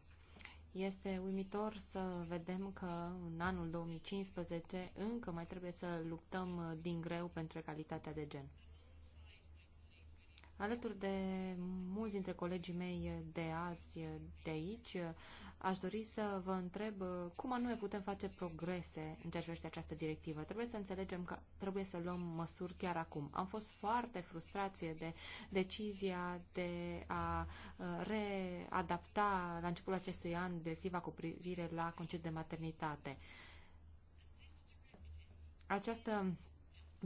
Este uimitor să vedem că în anul 2015 încă mai trebuie să luptăm uh, din greu pentru egalitatea de gen. Alături de mulți dintre colegii mei de azi, de aici, aș dori să vă întreb uh, cum anume putem face progrese în ceea ce privește această directivă. Trebuie să înțelegem că trebuie să luăm măsuri chiar acum. Am fost foarte frustrație de decizia de a uh, readapta la începutul acestui an directiva cu privire la concediu de maternitate. Această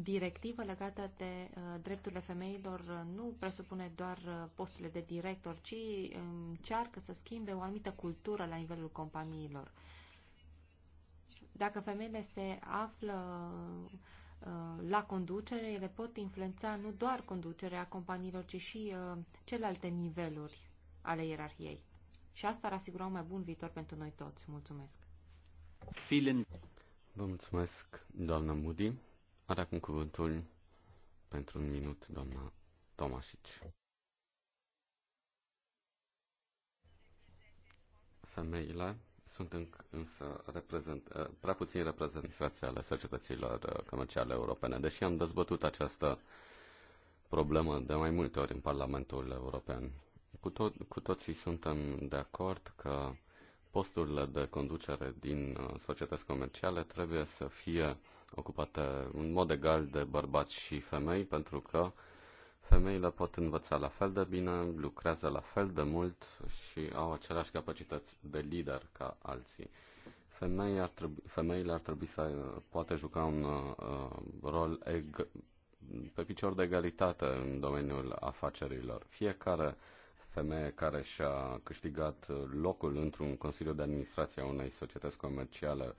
directivă legată de uh, drepturile femeilor uh, nu presupune doar uh, posturile de director, ci um, încearcă să schimbe o anumită cultură la nivelul companiilor. Dacă femeile se află la conducere, ele pot influența nu doar conducerea companiilor, ci și celelalte niveluri ale ierarhiei. Și asta ar asigura un mai bun viitor pentru noi toți. Mulțumesc! Vă mulțumesc, doamna Moody. Are acum cuvântul pentru un minut doamna Tomasici. Femeile sunt însă reprezent, eh, prea puțin reprezentate ale societăților eh, comerciale europene, deși am dezbătut această problemă de mai multe ori în Parlamentul European. Cu, tot, cu toții suntem de acord că posturile de conducere din eh, societăți comerciale trebuie să fie ocupate în mod egal de bărbați și femei, pentru că femeile pot învăța la fel de bine, lucrează la fel de mult și au aceleași capacități de lider ca alții. Femeile ar trebui, femeile ar trebui să poată juca un uh, rol eg- pe picior de egalitate în domeniul afacerilor. Fiecare femeie care și-a câștigat locul într-un consiliu de administrație a unei societăți comerciale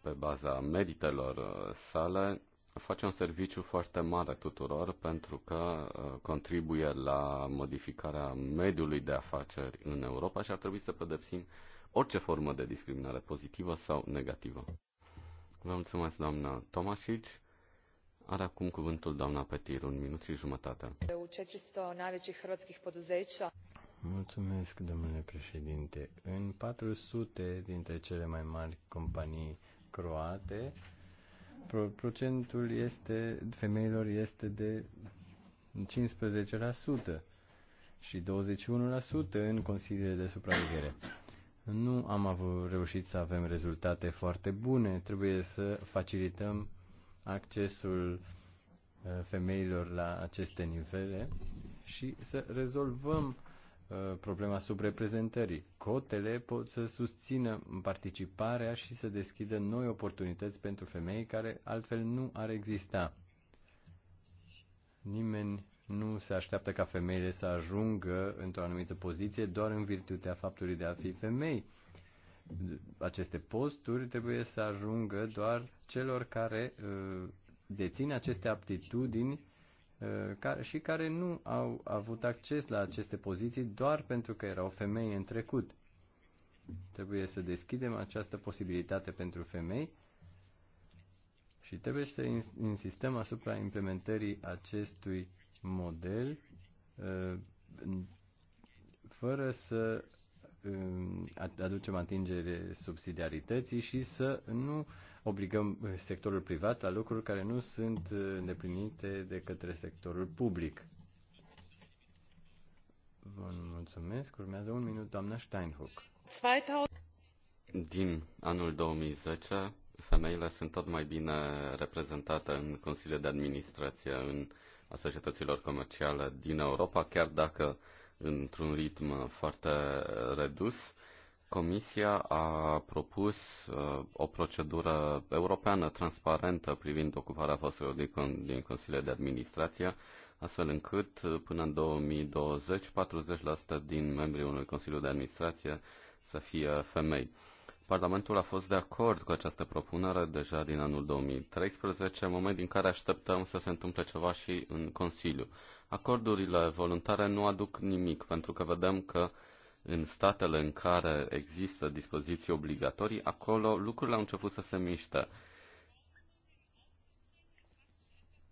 pe baza meritelor uh, sale, face un serviciu foarte mare tuturor pentru că uh, contribuie la modificarea mediului de afaceri în Europa și ar trebui să pedepsim orice formă de discriminare pozitivă sau negativă. Vă mulțumesc, doamna Tomașici. Are acum cuvântul doamna Petir, un minut și jumătate. Mulțumesc, domnule președinte. În 400 dintre cele mai mari companii croate, procentul este, femeilor este de 15% și 21% în consiliile de supraveghere. Nu am avut, reușit să avem rezultate foarte bune. Trebuie să facilităm accesul uh, femeilor la aceste nivele și să rezolvăm Uh, problema subreprezentării. Cotele pot să susțină participarea și să deschidă noi oportunități pentru femei care altfel nu ar exista. Nimeni nu se așteaptă ca femeile să ajungă într-o anumită poziție doar în virtutea faptului de a fi femei. Aceste posturi trebuie să ajungă doar celor care uh, dețin aceste aptitudini Uh, și care nu au avut acces la aceste poziții doar pentru că erau femei în trecut. Trebuie să deschidem această posibilitate pentru femei și trebuie să insistăm asupra implementării acestui model uh, fără să um, aducem atingere subsidiarității și să nu obligăm eh, sectorul privat la lucruri care nu sunt eh, îndeplinite de către sectorul public. Vă mulțumesc. Urmează un minut, doamna Steinhock. Din anul 2010, femeile sunt tot mai bine reprezentate în Consiliul de Administrație, în a societăților comerciale din Europa, chiar dacă într-un ritm foarte eh, redus. Comisia a propus uh, o procedură europeană transparentă privind ocuparea posturilor din, din Consiliul de Administrație, astfel încât uh, până în 2020 40% din membrii unui Consiliu de Administrație să fie femei. Parlamentul a fost de acord cu această propunere deja din anul 2013, în moment din care așteptăm să se întâmple ceva și în Consiliu. Acordurile voluntare nu aduc nimic, pentru că vedem că uh, în statele în care există dispoziții obligatorii, acolo lucrurile au început să se miște.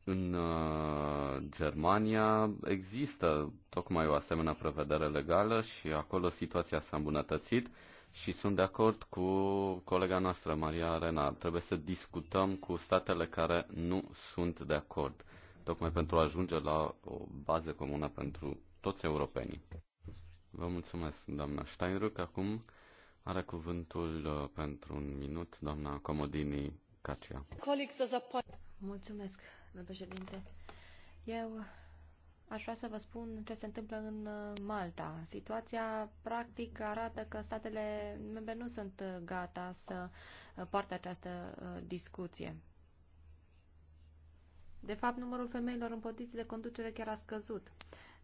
În uh, Germania există tocmai o asemenea prevedere legală și acolo situația s-a îmbunătățit și sunt de acord cu colega noastră, Maria Arena. Trebuie să discutăm cu statele care nu sunt de acord, tocmai pentru a ajunge la o bază comună pentru toți europenii. Vă mulțumesc, doamna Steinruck. Acum are cuvântul uh, pentru un minut doamna Comodini Cacia. Mulțumesc, domnule președinte. Eu aș vrea să vă spun ce se întâmplă în uh, Malta. Situația practic arată că statele membre nu sunt uh, gata să poarte această discuție. De fapt, numărul femeilor în poziții de conducere chiar a scăzut.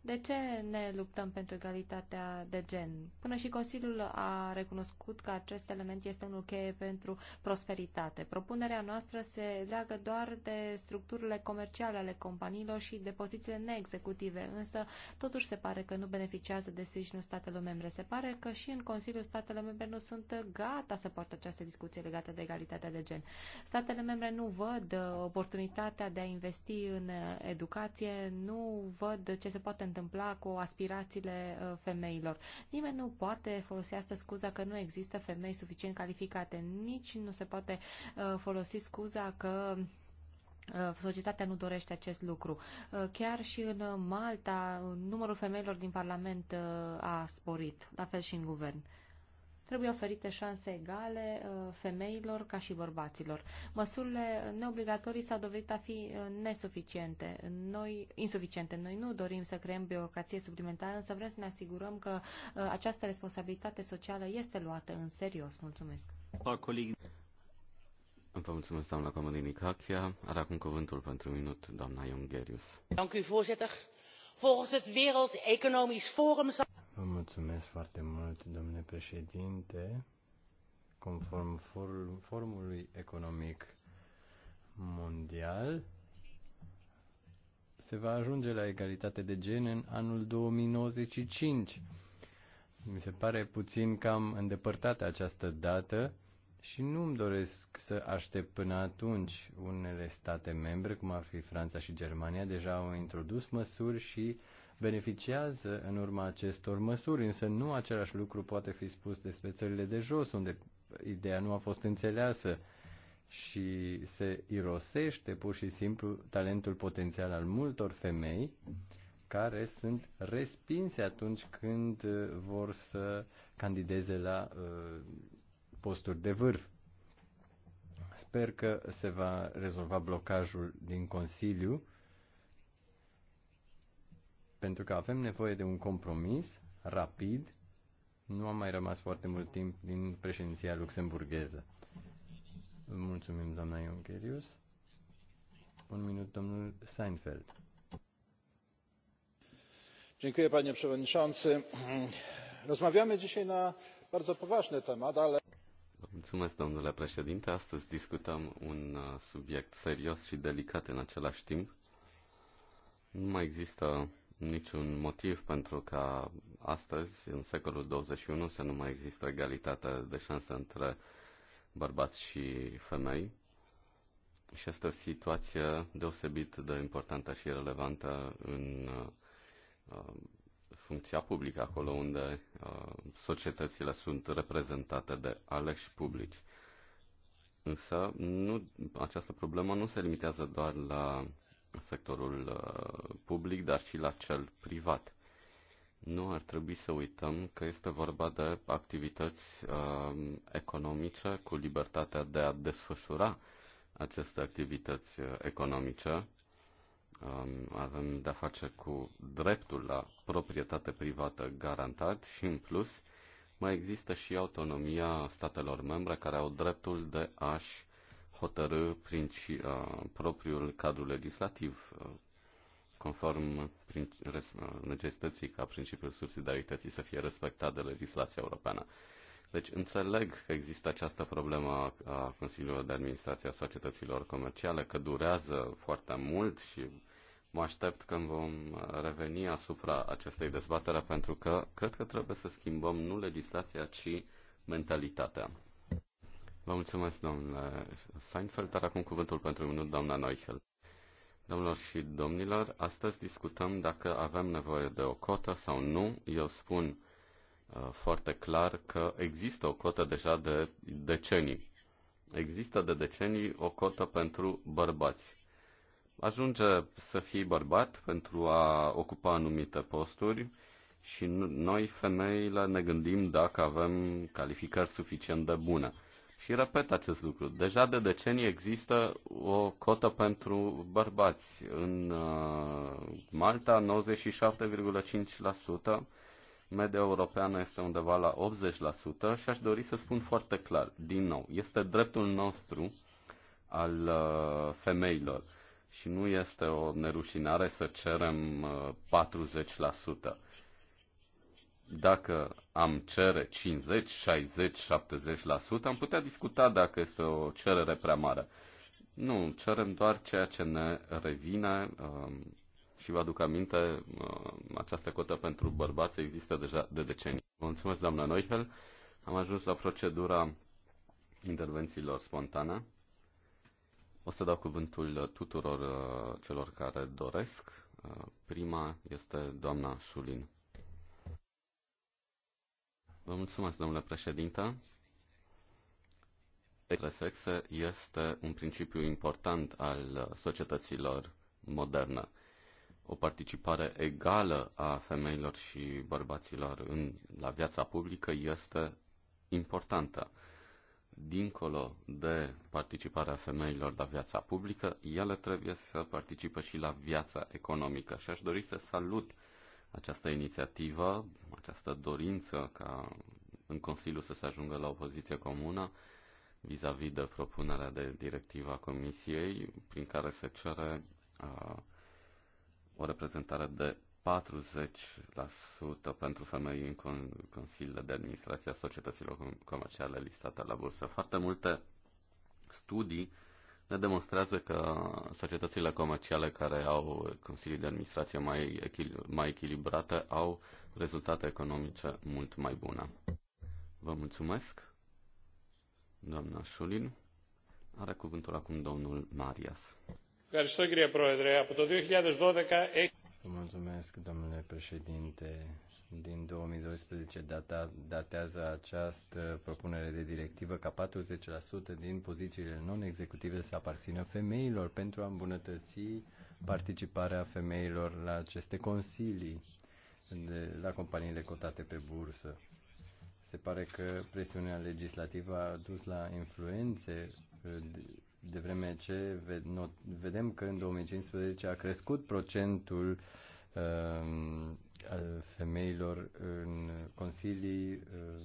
De ce ne luptăm pentru egalitatea de gen? Până și Consiliul a recunoscut că acest element este unul cheie pentru prosperitate. Propunerea noastră se leagă doar de structurile comerciale ale companiilor și de pozițiile neexecutive, însă totuși se pare că nu beneficiază de sprijinul statelor membre. Se pare că și în Consiliul statele membre nu sunt gata să poartă această discuție legată de egalitatea de gen. Statele membre nu văd oportunitatea de a investi în educație, nu văd ce se poate întâmpla cu aspirațiile uh, femeilor. Nimeni nu poate folosi asta scuza că nu există femei suficient calificate, nici nu se poate uh, folosi scuza că uh, societatea nu dorește acest lucru. Chiar și în Malta, numărul femeilor din Parlament a sporit, la fel și în guvern. Trebuie oferite șanse egale uh, femeilor ca și bărbaților. Măsurile neobligatorii s-au dovedit a fi uh, nesuficiente. Noi, insuficiente. Noi nu dorim să creăm birocrație suplimentară, însă vrem să ne asigurăm că uh, această responsabilitate socială este luată în serios. Mulțumesc. Vă mulțumesc, doamna Comodini Cachia. Are acum cuvântul pentru un minut, doamna Iungherius. Dank u, voorzitter. Volgens het Wereld Economisch Forum Vă mulțumesc foarte mult, domnule președinte. Conform forum, Forumului Economic Mondial, se va ajunge la egalitate de gen în anul 2095. Mi se pare puțin cam îndepărtată această dată și nu îmi doresc să aștept până atunci. Unele state membre, cum ar fi Franța și Germania, deja au introdus măsuri și uh, beneficiază în urma acestor măsuri, însă nu același lucru poate fi spus despre țările de jos, unde ideea nu a fost înțeleasă și se irosește pur și simplu talentul potențial al multor femei care sunt respinse atunci când uh, vor să candideze la uh, posturi de vârf. Sper că se va rezolva blocajul din Consiliu pentru că avem nevoie de un compromis rapid. Nu am mai rămas foarte mult timp din președinția luxemburgheză. Mulțumim, doamna Ioncherius. Un minut, domnul Seinfeld. Dziękuję, panie przewodniczący. Rozmawiamy dzisiaj na bardzo poważny temat, ale... Mulțumesc, domnule președinte. Astăzi discutăm un uh, subiect serios și delicat în același timp. Nu mai există niciun motiv pentru ca astăzi, în secolul 21, să nu mai există egalitate de șansă între bărbați și femei. Și este o situație deosebit de importantă și relevantă în uh, funcția publică, acolo unde uh, societățile sunt reprezentate de aleși publici. Însă nu, această problemă nu se limitează doar la sectorul uh, public, dar și la cel privat. Nu ar trebui să uităm că este vorba de activități uh, economice cu libertatea de a desfășura aceste activități uh, economice. Um, avem de-a face cu dreptul la proprietate privată garantat și, în plus, mai există și autonomia statelor membre care au dreptul de a-și hotărâ uh, propriul cadru legislativ, uh, conform uh, necesității ca principiul subsidiarității să fie respectat de legislația europeană. Deci înțeleg că există această problemă a Consiliului de Administrație a Societăților Comerciale, că durează foarte mult și mă aștept când vom reveni asupra acestei dezbatere, pentru că cred că trebuie să schimbăm nu legislația, ci mentalitatea. Vă mulțumesc, domnule Seinfeld, dar acum cuvântul pentru un minut, doamna Neuchel. Domnilor și domnilor, astăzi discutăm dacă avem nevoie de o cotă sau nu. Eu spun uh, foarte clar că există o cotă deja de decenii. Există de decenii o cotă pentru bărbați. Ajunge să fii bărbat pentru a ocupa anumite posturi și noi, femeile, ne gândim dacă avem calificări suficient de bune. Și repet acest lucru. Deja de decenii există o cotă pentru bărbați. În uh, Malta 97,5%, media europeană este undeva la 80% și aș dori să spun foarte clar, din nou, este dreptul nostru al uh, femeilor și nu este o nerușinare să cerem 40%. Uh, dacă am cere 50, 60, 70%, am putea discuta dacă este o cerere prea mare. Nu, cerem doar ceea ce ne revine um, și vă aduc aminte, um, această cotă pentru bărbați există deja de decenii. Vă mulțumesc, doamna Neuchel. Am ajuns la procedura intervențiilor spontane. O să dau cuvântul tuturor uh, celor care doresc. Uh, prima este doamna Șulin. Vă mulțumesc, domnule președinte. Între sexe este un principiu important al societăților moderne. O participare egală a femeilor și bărbaților în, la viața publică este importantă. Dincolo de participarea femeilor la viața publică, ele trebuie să participe și la viața economică. Și aș dori să salut această inițiativă, această dorință ca în Consiliu să se ajungă la o poziție comună vis-a-vis -vis de propunerea de directivă a Comisiei, prin care se cere uh, o reprezentare de 40% pentru femei în con- consiliile de administrație a societăților comerciale listate la bursă. Foarte multe studii ne demonstrează că societățile comerciale care au consilii de administrație mai, echil- mai echilibrate au rezultate economice mult mai bune. Vă mulțumesc, doamna Șulin. Are cuvântul acum domnul Marias. Mulțumesc, domnule președinte din 2012 data, datează această propunere de directivă ca 40% din pozițiile non-executive să aparțină femeilor pentru a îmbunătăți participarea femeilor la aceste consilii de, la companiile cotate pe bursă. Se pare că presiunea legislativă a dus la influențe uh, de vreme ce vedem că în 2015 a crescut procentul um, al femeilor în consilii uh,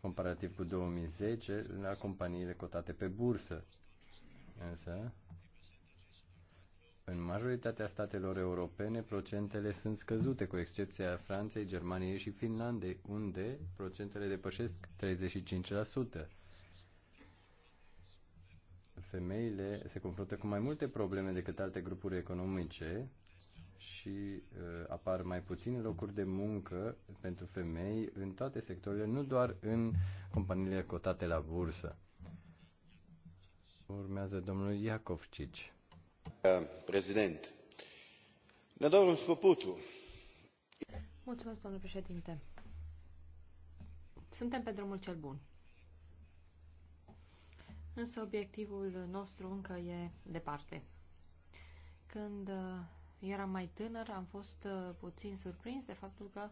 comparativ cu 2010 la companiile cotate pe bursă. Însă, în majoritatea statelor europene, procentele sunt scăzute, cu excepția Franței, Germaniei și Finlandei, unde procentele depășesc 35%. Femeile se confruntă cu mai multe probleme decât alte grupuri economice, și uh, apar mai puține locuri de muncă pentru femei în toate sectoarele, nu doar în companiile cotate la bursă. Urmează domnul Iacovcic. Prezident, ne dau un putu. Mulțumesc, domnule președinte. Suntem pe drumul cel bun. Însă obiectivul nostru încă e departe. Când uh, eram mai tânăr, am fost uh, puțin surprins de faptul că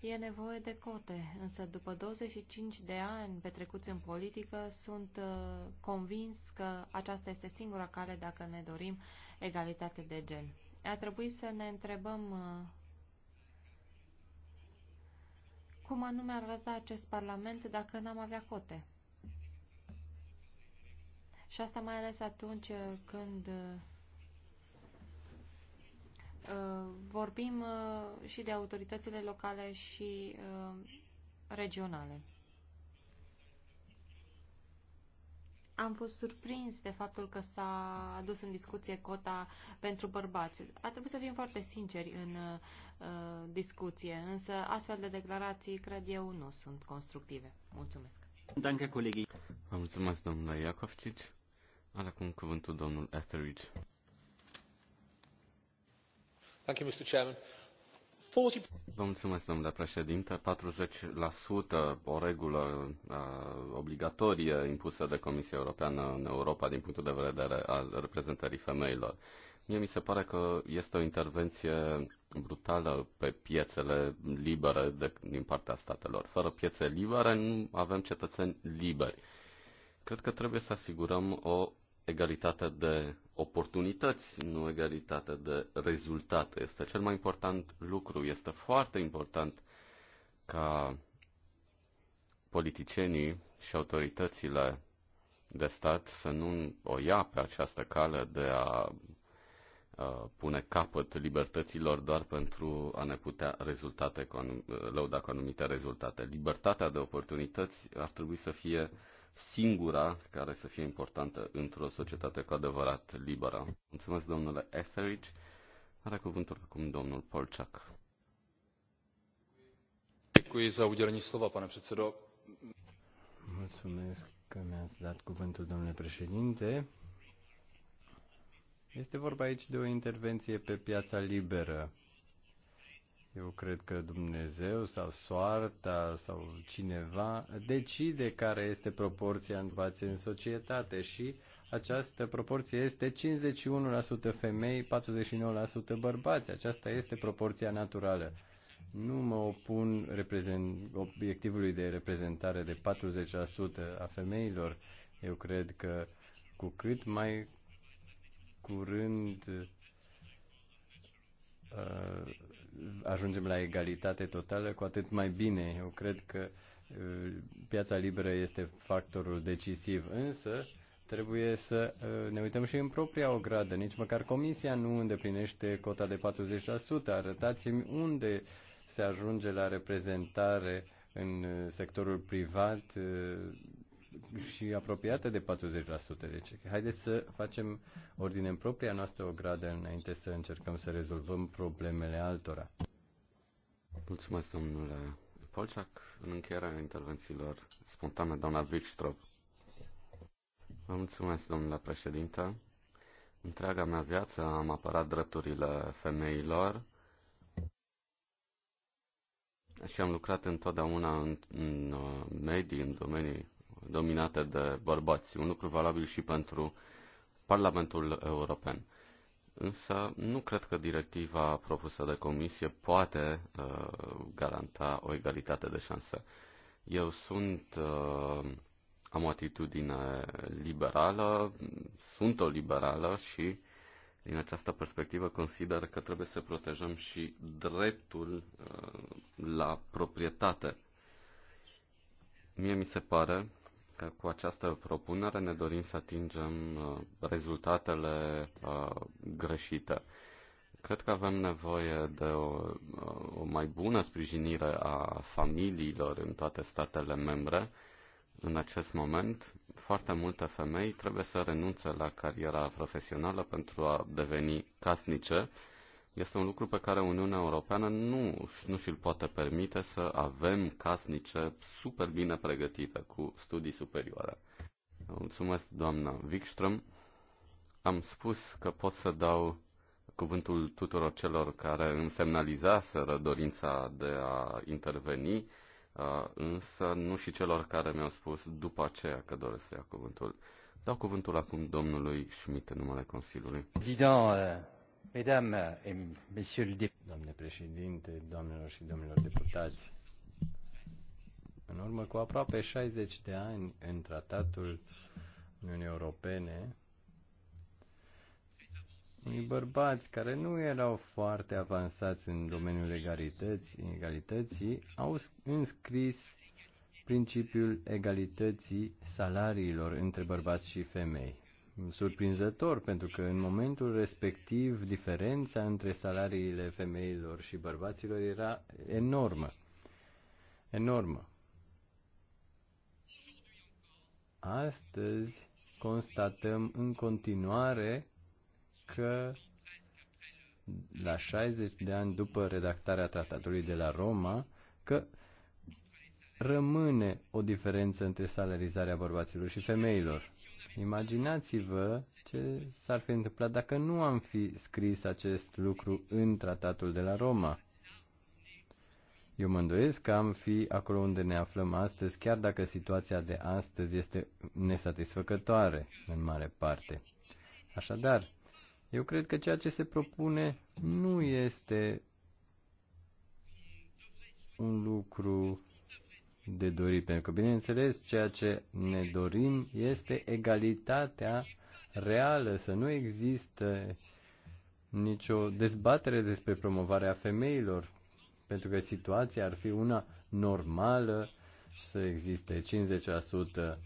e nevoie de cote, însă după 25 de ani petrecuți în politică, sunt uh, convins că aceasta este singura cale dacă ne dorim egalitate de gen. A trebuit să ne întrebăm uh, cum anume ar arăta acest Parlament dacă n-am avea cote. Și asta mai ales atunci când uh, Uh, vorbim uh, și de autoritățile locale și uh, regionale. Am fost surprins de faptul că s-a adus în discuție cota pentru bărbați. A trebuit să fim foarte sinceri în uh, discuție, însă astfel de declarații, cred eu, nu sunt constructive. Mulțumesc. Danke, colegii. Vă mulțumesc, domnule Iacovcici. acum cuvântul domnul Etheridge domnule președinte. 40% o regulă uh, obligatorie impusă de Comisia Europeană în Europa din punctul de vedere al reprezentării femeilor. Mie mi se pare că este o intervenție brutală pe piețele libere de, din partea statelor. Fără piețe libere nu avem cetățeni liberi. Cred că trebuie să asigurăm o egalitate de oportunități, nu egalitate de rezultate. Este cel mai important lucru. Este foarte important ca politicienii și autoritățile de stat să nu o ia pe această cale de a pune capăt libertăților doar pentru a ne putea rezultate, lăuda cu anumite rezultate. Libertatea de oportunități ar trebui să fie uh, singura care să fie importantă într-o societate cu adevărat liberă. Mulțumesc, domnule Etheridge. Are cuvântul acum domnul Polciac. Mulțumesc că mi-ați dat cuvântul, domnule președinte. Este vorba aici de o intervenție pe piața liberă eu cred că Dumnezeu sau soarta sau cineva decide care este proporția față în societate și această proporție este 51% femei, 49% bărbați. Aceasta este proporția naturală. Nu mă opun obiectivului de reprezentare de 40% a femeilor. Eu cred că cu cât mai curând uh, ajungem la egalitate totală, cu atât mai bine. Eu cred că uh, piața liberă este factorul decisiv, însă trebuie să uh, ne uităm și în propria ogradă. Nici măcar comisia nu îndeplinește cota de 40%. Arătați-mi unde se ajunge la reprezentare în uh, sectorul privat și apropiată de 40%. Deci, haideți să facem ordine în propria noastră o gradă înainte să încercăm să rezolvăm problemele altora. Mulțumesc, domnule Polciac. În încheierea intervențiilor spontane, doamna Wikstrop. Vă mulțumesc, domnule președinte. Întreaga mea viață am apărat drepturile femeilor și am lucrat întotdeauna în, în uh, medii, în domenii dominate de bărbați, un lucru valabil și pentru Parlamentul European. Însă nu cred că directiva propusă de comisie poate uh, garanta o egalitate de șanse. Eu sunt, uh, am o atitudine liberală, sunt o liberală și din această perspectivă consider că trebuie să protejăm și dreptul uh, la proprietate. Mie mi se pare că cu această propunere ne dorim să atingem uh, rezultatele uh, greșite. Cred că avem nevoie de o, uh, o mai bună sprijinire a familiilor în toate statele membre. În acest moment, foarte multe femei trebuie să renunțe la cariera profesională pentru a deveni casnice este un lucru pe care Uniunea Europeană nu, nu și-l poate permite să avem casnice super bine pregătite cu studii superioare. Mulțumesc, doamna Wikström. Am spus că pot să dau cuvântul tuturor celor care îmi semnalizaseră dorința de a interveni, uh, însă nu și celor care mi-au spus după aceea că doresc să ia cuvântul. Dau cuvântul acum domnului Schmidt în numele Consiliului. Zidane, Domnule Doamne președinte, doamnelor și domnilor deputați, în urmă cu aproape 60 de ani în tratatul Uniunii Europene, unii bărbați care nu erau foarte avansați în domeniul egalității, egalității au înscris principiul egalității salariilor între bărbați și femei surprinzător, pentru că în momentul respectiv diferența între salariile femeilor și bărbaților era enormă. Enormă. Astăzi constatăm în continuare că la 60 de ani după redactarea tratatului de la Roma, că rămâne o diferență între salarizarea bărbaților și femeilor Imaginați-vă ce s-ar fi întâmplat dacă nu am fi scris acest lucru în tratatul de la Roma. Eu mă îndoiesc că am fi acolo unde ne aflăm astăzi, chiar dacă situația de astăzi este nesatisfăcătoare în mare parte. Așadar, eu cred că ceea ce se propune nu este un lucru de dorit, pentru că, bineînțeles, ceea ce ne dorim este egalitatea reală, să nu există nicio dezbatere despre promovarea femeilor, pentru că situația ar fi una normală să existe 50% uh,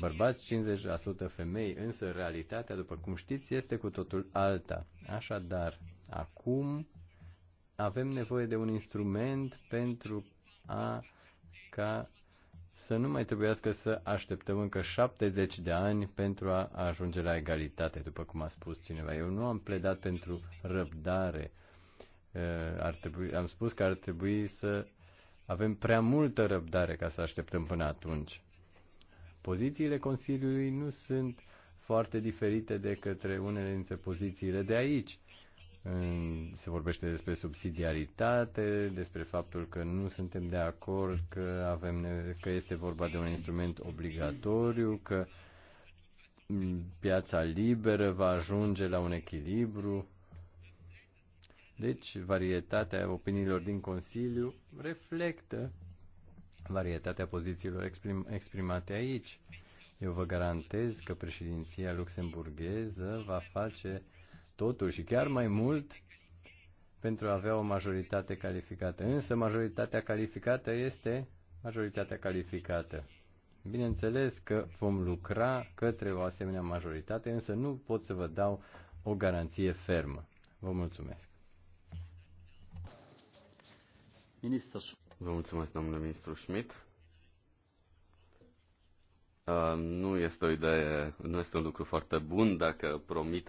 bărbați, 50% femei, însă realitatea, după cum știți, este cu totul alta. Așadar, acum avem nevoie de un instrument pentru a ca să nu mai trebuiască să așteptăm încă 70 de ani pentru a ajunge la egalitate, după cum a spus cineva. Eu nu am pledat pentru răbdare. Uh, ar trebui, am spus că ar trebui să avem prea multă răbdare ca să așteptăm până atunci. Pozițiile Consiliului nu sunt foarte diferite de către unele dintre pozițiile de aici se vorbește despre subsidiaritate, despre faptul că nu suntem de acord că, avem, că este vorba de un instrument obligatoriu, că piața liberă va ajunge la un echilibru. Deci, varietatea opiniilor din Consiliu reflectă varietatea pozițiilor exprim, exprimate aici. Eu vă garantez că președinția luxemburgheză va face totul și chiar mai mult pentru a avea o majoritate calificată. Însă majoritatea calificată este majoritatea calificată. Bineînțeles că vom lucra către o asemenea majoritate, însă nu pot să vă dau o garanție fermă. Vă mulțumesc. Ministru. Vă mulțumesc, domnule ministru Schmidt. Uh, nu este o idee, nu este un lucru foarte bun dacă promit